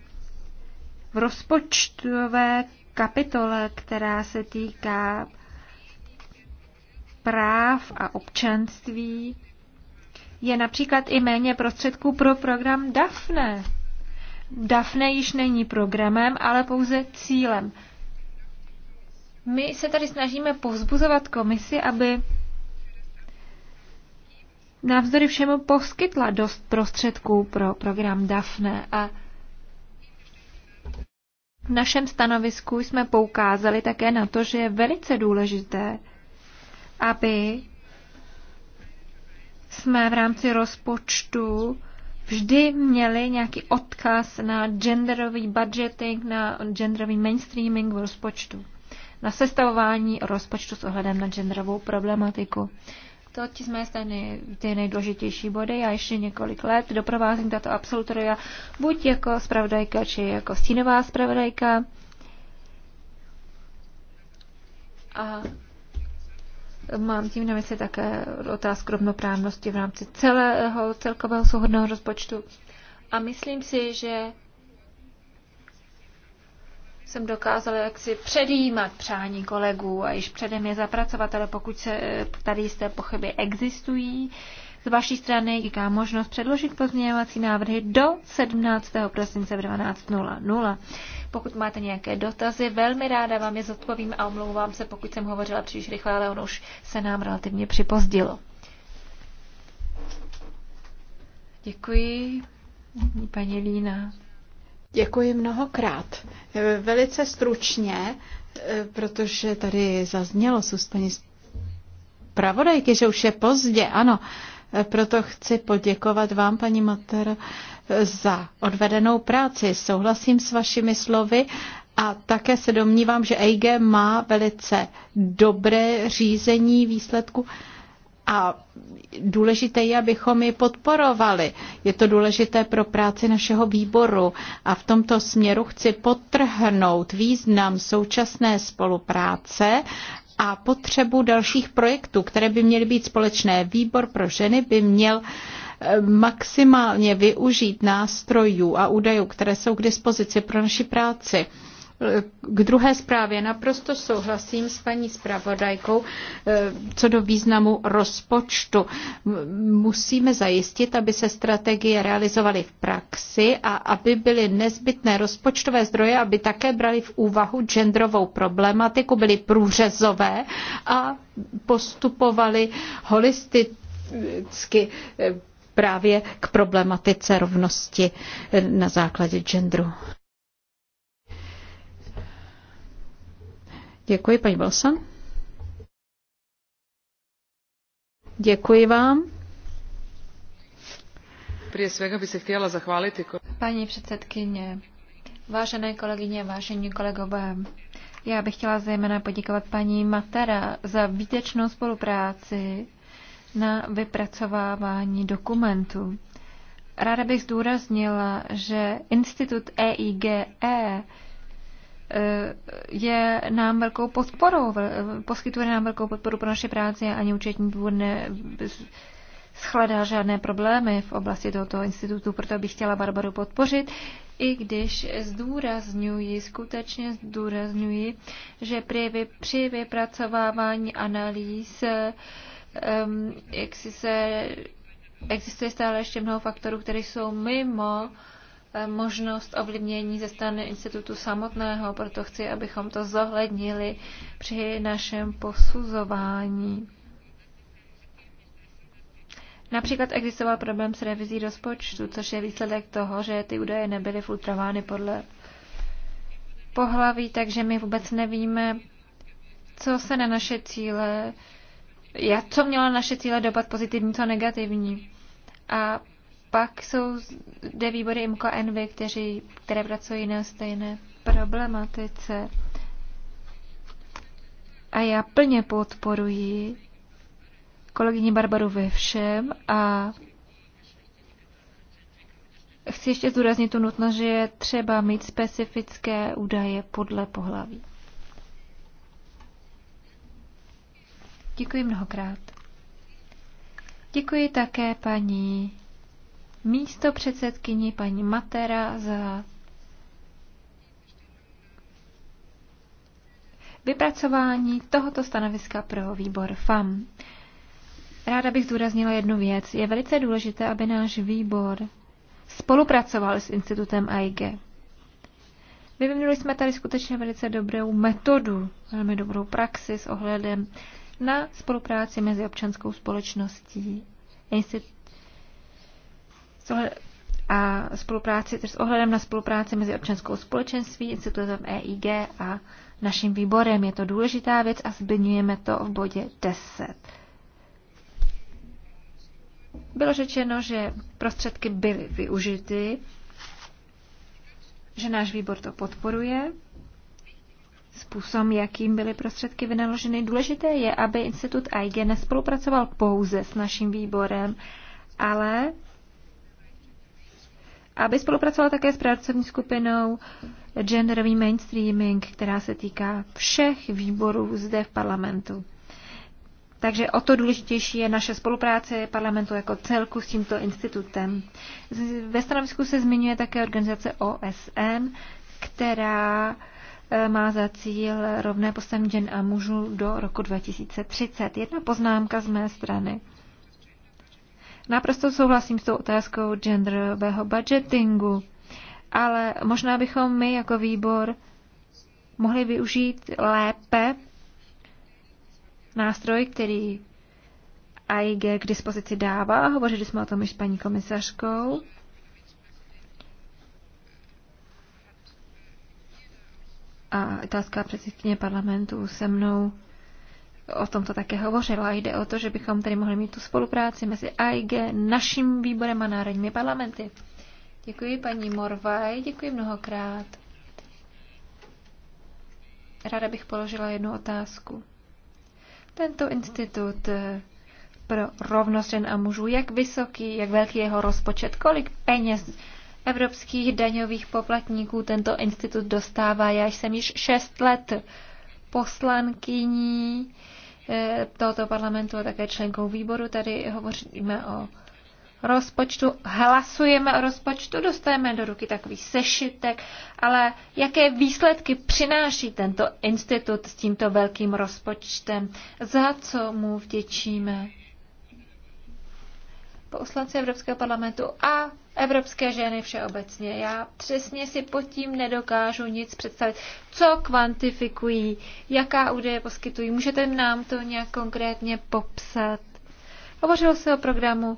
v rozpočtové kapitole, která se týká práv a občanství, je například i méně prostředků pro program DAFNE. DAFNE již není programem, ale pouze cílem. My se tady snažíme povzbuzovat komisi, aby navzdory všemu poskytla dost prostředků pro program DAFNE a v našem stanovisku jsme poukázali také na to, že je velice důležité, aby jsme v rámci rozpočtu vždy měli nějaký odkaz na genderový budgeting, na genderový mainstreaming v rozpočtu, na sestavování rozpočtu s ohledem na genderovou problematiku. To ti jsme mé strany ty nejdůležitější body. Já ještě několik let doprovázím tato absolutoria buď jako spravodajka, či jako stínová spravodajka. A Mám tím na mysli také otázku rovnoprávnosti v rámci celého celkového souhodného rozpočtu. A myslím si, že jsem dokázala jaksi předjímat přání kolegů a již předem je zapracovat, ale pokud se eh, tady jisté pochyby existují, z vaší strany jaká možnost předložit pozměňovací návrhy do 17. prosince v 12.00. Pokud máte nějaké dotazy, velmi ráda vám je zodpovím a omlouvám se, pokud jsem hovořila příliš rychle, ale ono už se nám relativně připozdilo. Děkuji, paní Lína. Děkuji mnohokrát. Eh, velice stručně, eh, protože tady zaznělo z paní pravodajky, že už je pozdě, ano. Eh, proto chci poděkovat vám, paní Mater, za odvedenou práci. Souhlasím s vašimi slovy a také se domnívám, že EIG má velice dobré řízení výsledku a důležité je, abychom ji podporovali. Je to důležité pro práci našeho výboru a v tomto směru chci potrhnout význam současné spolupráce a potřebu dalších projektů, které by měly být společné. Výbor pro ženy by měl eh, maximálně využít nástrojů a údajů, které jsou k dispozici pro naši práci. K druhé zprávě naprosto souhlasím s paní zpravodajkou eh, co do významu rozpočtu. Musíme zajistit, aby se strategie realizovaly v praxi a aby byly nezbytné rozpočtové zdroje, aby také brali v úvahu genderovou problematiku, byly průřezové a postupovali holisticky eh, právě k problematice rovnosti eh, na základě genderu. Děkuji, paní Balsan. Děkuji vám. Prije svega by se chtěla zachválit. Paní předsedkyně, vážené kolegyně, vážení kolegové, já bych chtěla zejména poděkovat paní Matera za výtečnou spolupráci na vypracovávání dokumentu. Ráda bych zdůraznila, že institut EIGE je nám velkou podporou, poskytuje nám velkou podporu pro naše práci a ani účetní dvůr ne, schledá žádné problémy v oblasti tohoto institutu, proto bych chtěla Barbaru podpořit, i když zdůrazňuji, skutečně zdůrazňuji, že při, při vypracovávání analýz um, jak si se, existuje stále ještě mnoho faktorů, které jsou mimo možnost ovlivnění ze strany institutu samotného, proto chci, abychom to zohlednili při našem posuzování. Například existoval problém s revizí rozpočtu, což je výsledek toho, že ty údaje nebyly filtrovány podle pohlaví, takže my vůbec nevíme, co se na naše cíle, já, co mělo na naše cíle dopad pozitivní, co negativní. A pak jsou zde výbory IMCO a NV, kteří, které pracují na stejné problematice. A já plně podporuji kolegyni Barbaru ve všem a chci ještě zdůraznit tu nutnost, že je třeba mít specifické údaje podle pohlaví. Děkuji mnohokrát. Děkuji také paní místo předsedkyni paní Matera za vypracování tohoto stanoviska pro výbor FAM. Ráda bych zdůraznila jednu věc. Je velice důležité, aby náš výbor spolupracoval s institutem AIG. Vyvinuli jsme tady skutečně velice dobrou metodu, velmi dobrou praxi s ohledem na spolupráci mezi občanskou společností, institutem a spolupráci, s ohledem na spolupráci mezi občanskou společenství, institutem EIG a naším výborem. Je to důležitá věc a zbyňujeme to v bodě 10. Bylo řečeno, že prostředky byly využity, že náš výbor to podporuje. Způsob, jakým byly prostředky vynaloženy, důležité je, aby institut EIG nespolupracoval pouze s naším výborem, ale aby spolupracovala také s pracovní skupinou Genderový mainstreaming, která se týká všech výborů zde v parlamentu. Takže o to důležitější je naše spolupráce parlamentu jako celku s tímto institutem. Ve stanovisku se zmiňuje také organizace OSN, která e, má za cíl rovné postavení žen a mužů do roku 2030. Jedna poznámka z mé strany. Naprosto souhlasím s tou otázkou genderového budgetingu, ale možná bychom my jako výbor mohli využít lépe nástroj, který AIG k dispozici dává. Hovořili jsme o tom i s paní komisařkou. A italská předsedkyně parlamentu se mnou o tom to také hovořila. Jde o to, že bychom tady mohli mít tu spolupráci mezi AIG, naším výborem a národními parlamenty. Děkuji paní Morvaj, děkuji mnohokrát. Ráda bych položila jednu otázku. Tento institut eh, pro rovnost žen a mužů, jak vysoký, jak velký je jeho rozpočet, kolik peněz evropských daňových poplatníků tento institut dostává. Já jsem již šest let poslankyní eh, tohoto parlamentu a také členkou výboru. Tady hovoříme o rozpočtu, hlasujeme o rozpočtu, dostajeme do ruky takový sešitek, ale jaké výsledky přináší tento institut s tímto velkým rozpočtem? Za co mu vděčíme? poslanci Evropského parlamentu a evropské ženy všeobecně. Já přesně si pod tím nedokážu nic představit. Co kvantifikují, jaká údaje poskytují, můžete nám to nějak konkrétně popsat? Hovořilo se o programu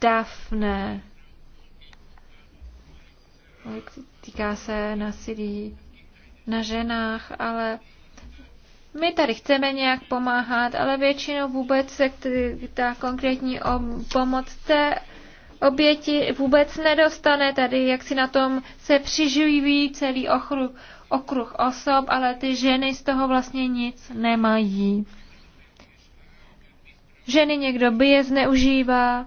DAFNE. Týká se nasilí na ženách, ale my tady chceme nějak pomáhat, ale většinou vůbec se ta konkrétní pomoc té oběti vůbec nedostane. Tady jak si na tom se přiživí celý okruh, okruh osob, ale ty ženy z toho vlastně nic nemají. Ženy někdo bije, zneužívá,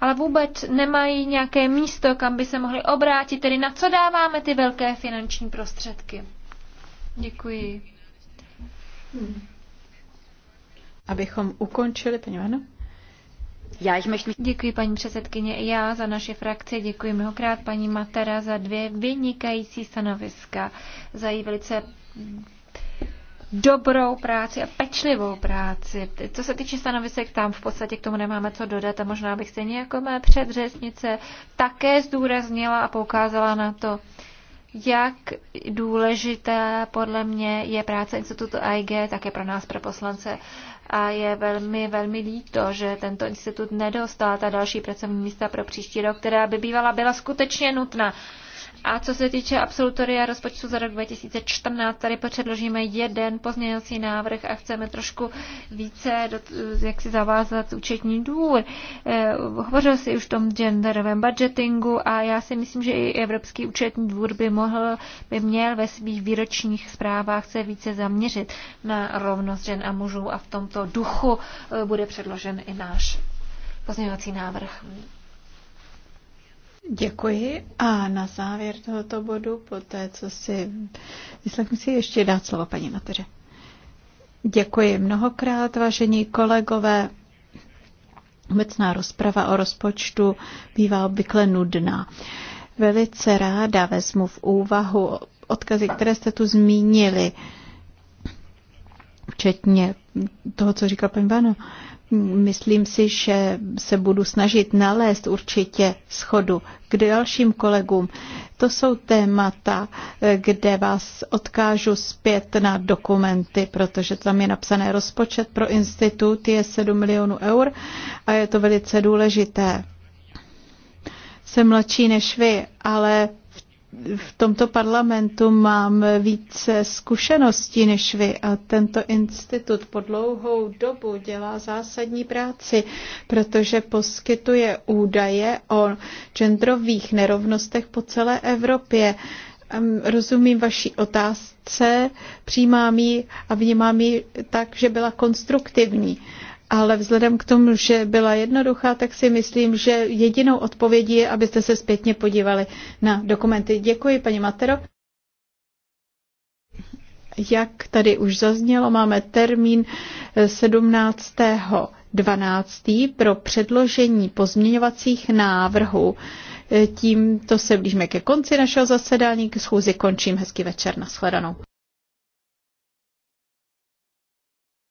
ale vůbec nemají nějaké místo, kam by se mohli obrátit, tedy na co dáváme ty velké finanční prostředky. Děkuji. Hmm. Abychom ukončili, paní Vano. Já jich mě... Děkuji paní předsedkyně i já za naše frakce, děkuji mnohokrát paní Matera za dvě vynikající stanoviska, za její velice dobrou práci a pečlivou práci. Co se týče stanovisek, tam v podstatě k tomu nemáme co dodat a možná bych stejně jako mé předřesnice také zdůraznila a poukázala na to, jak důležitá podle mě je práce institutu AIG také pro nás, pro poslance. A je velmi, velmi líto, že tento institut nedostal ta další pracovní místa pro příští rok, která by bývala byla skutečně nutná. A co se týče absolutoria rozpočtu za rok 2014, tady předložíme jeden pozměňovací návrh a chceme trošku více, jak si zavázat účetní dvůr. Eh, hovořil si už o tom genderovém budgetingu a já si myslím, že i Evropský účetní dvůr by mohl, by měl ve svých výročních zprávách se více zaměřit na rovnost žen a mužů a v tomto duchu eh, bude předložen i náš pozměňovací návrh. Děkuji a na závěr tohoto bodu, po té, co si myslím, si ještě dát slovo paní Mateře. Děkuji mnohokrát, vážení kolegové. Obecná rozprava o rozpočtu bývá obvykle nudná. Velice ráda vezmu v úvahu odkazy, které jste tu zmínili, včetně toho, co říkal paní Vano. Myslím si, že se budu snažit nalézt určitě schodu k dalším kolegům. To jsou témata, kde vás odkážu zpět na dokumenty, protože tam je napsané rozpočet pro institut je 7 milionů eur a je to velice důležité. Jsem mladší než vy, ale v tomto parlamentu mám více zkušeností než vy a tento institut po dlouhou dobu dělá zásadní práci, protože poskytuje údaje o genderových nerovnostech po celé Evropě. Rozumím vaší otázce, přijímám ji a vnímám ji tak, že byla konstruktivní ale vzhledem k tomu, že byla jednoduchá, tak si myslím, že jedinou odpovědí je, abyste se zpětně podívali na dokumenty. Děkuji, paní Matero. Jak tady už zaznělo, máme termín 17. 12. pro předložení pozměňovacích návrhů. Tímto se blížíme ke konci našeho zasedání, k schůzi končím. Hezký večer, nashledanou.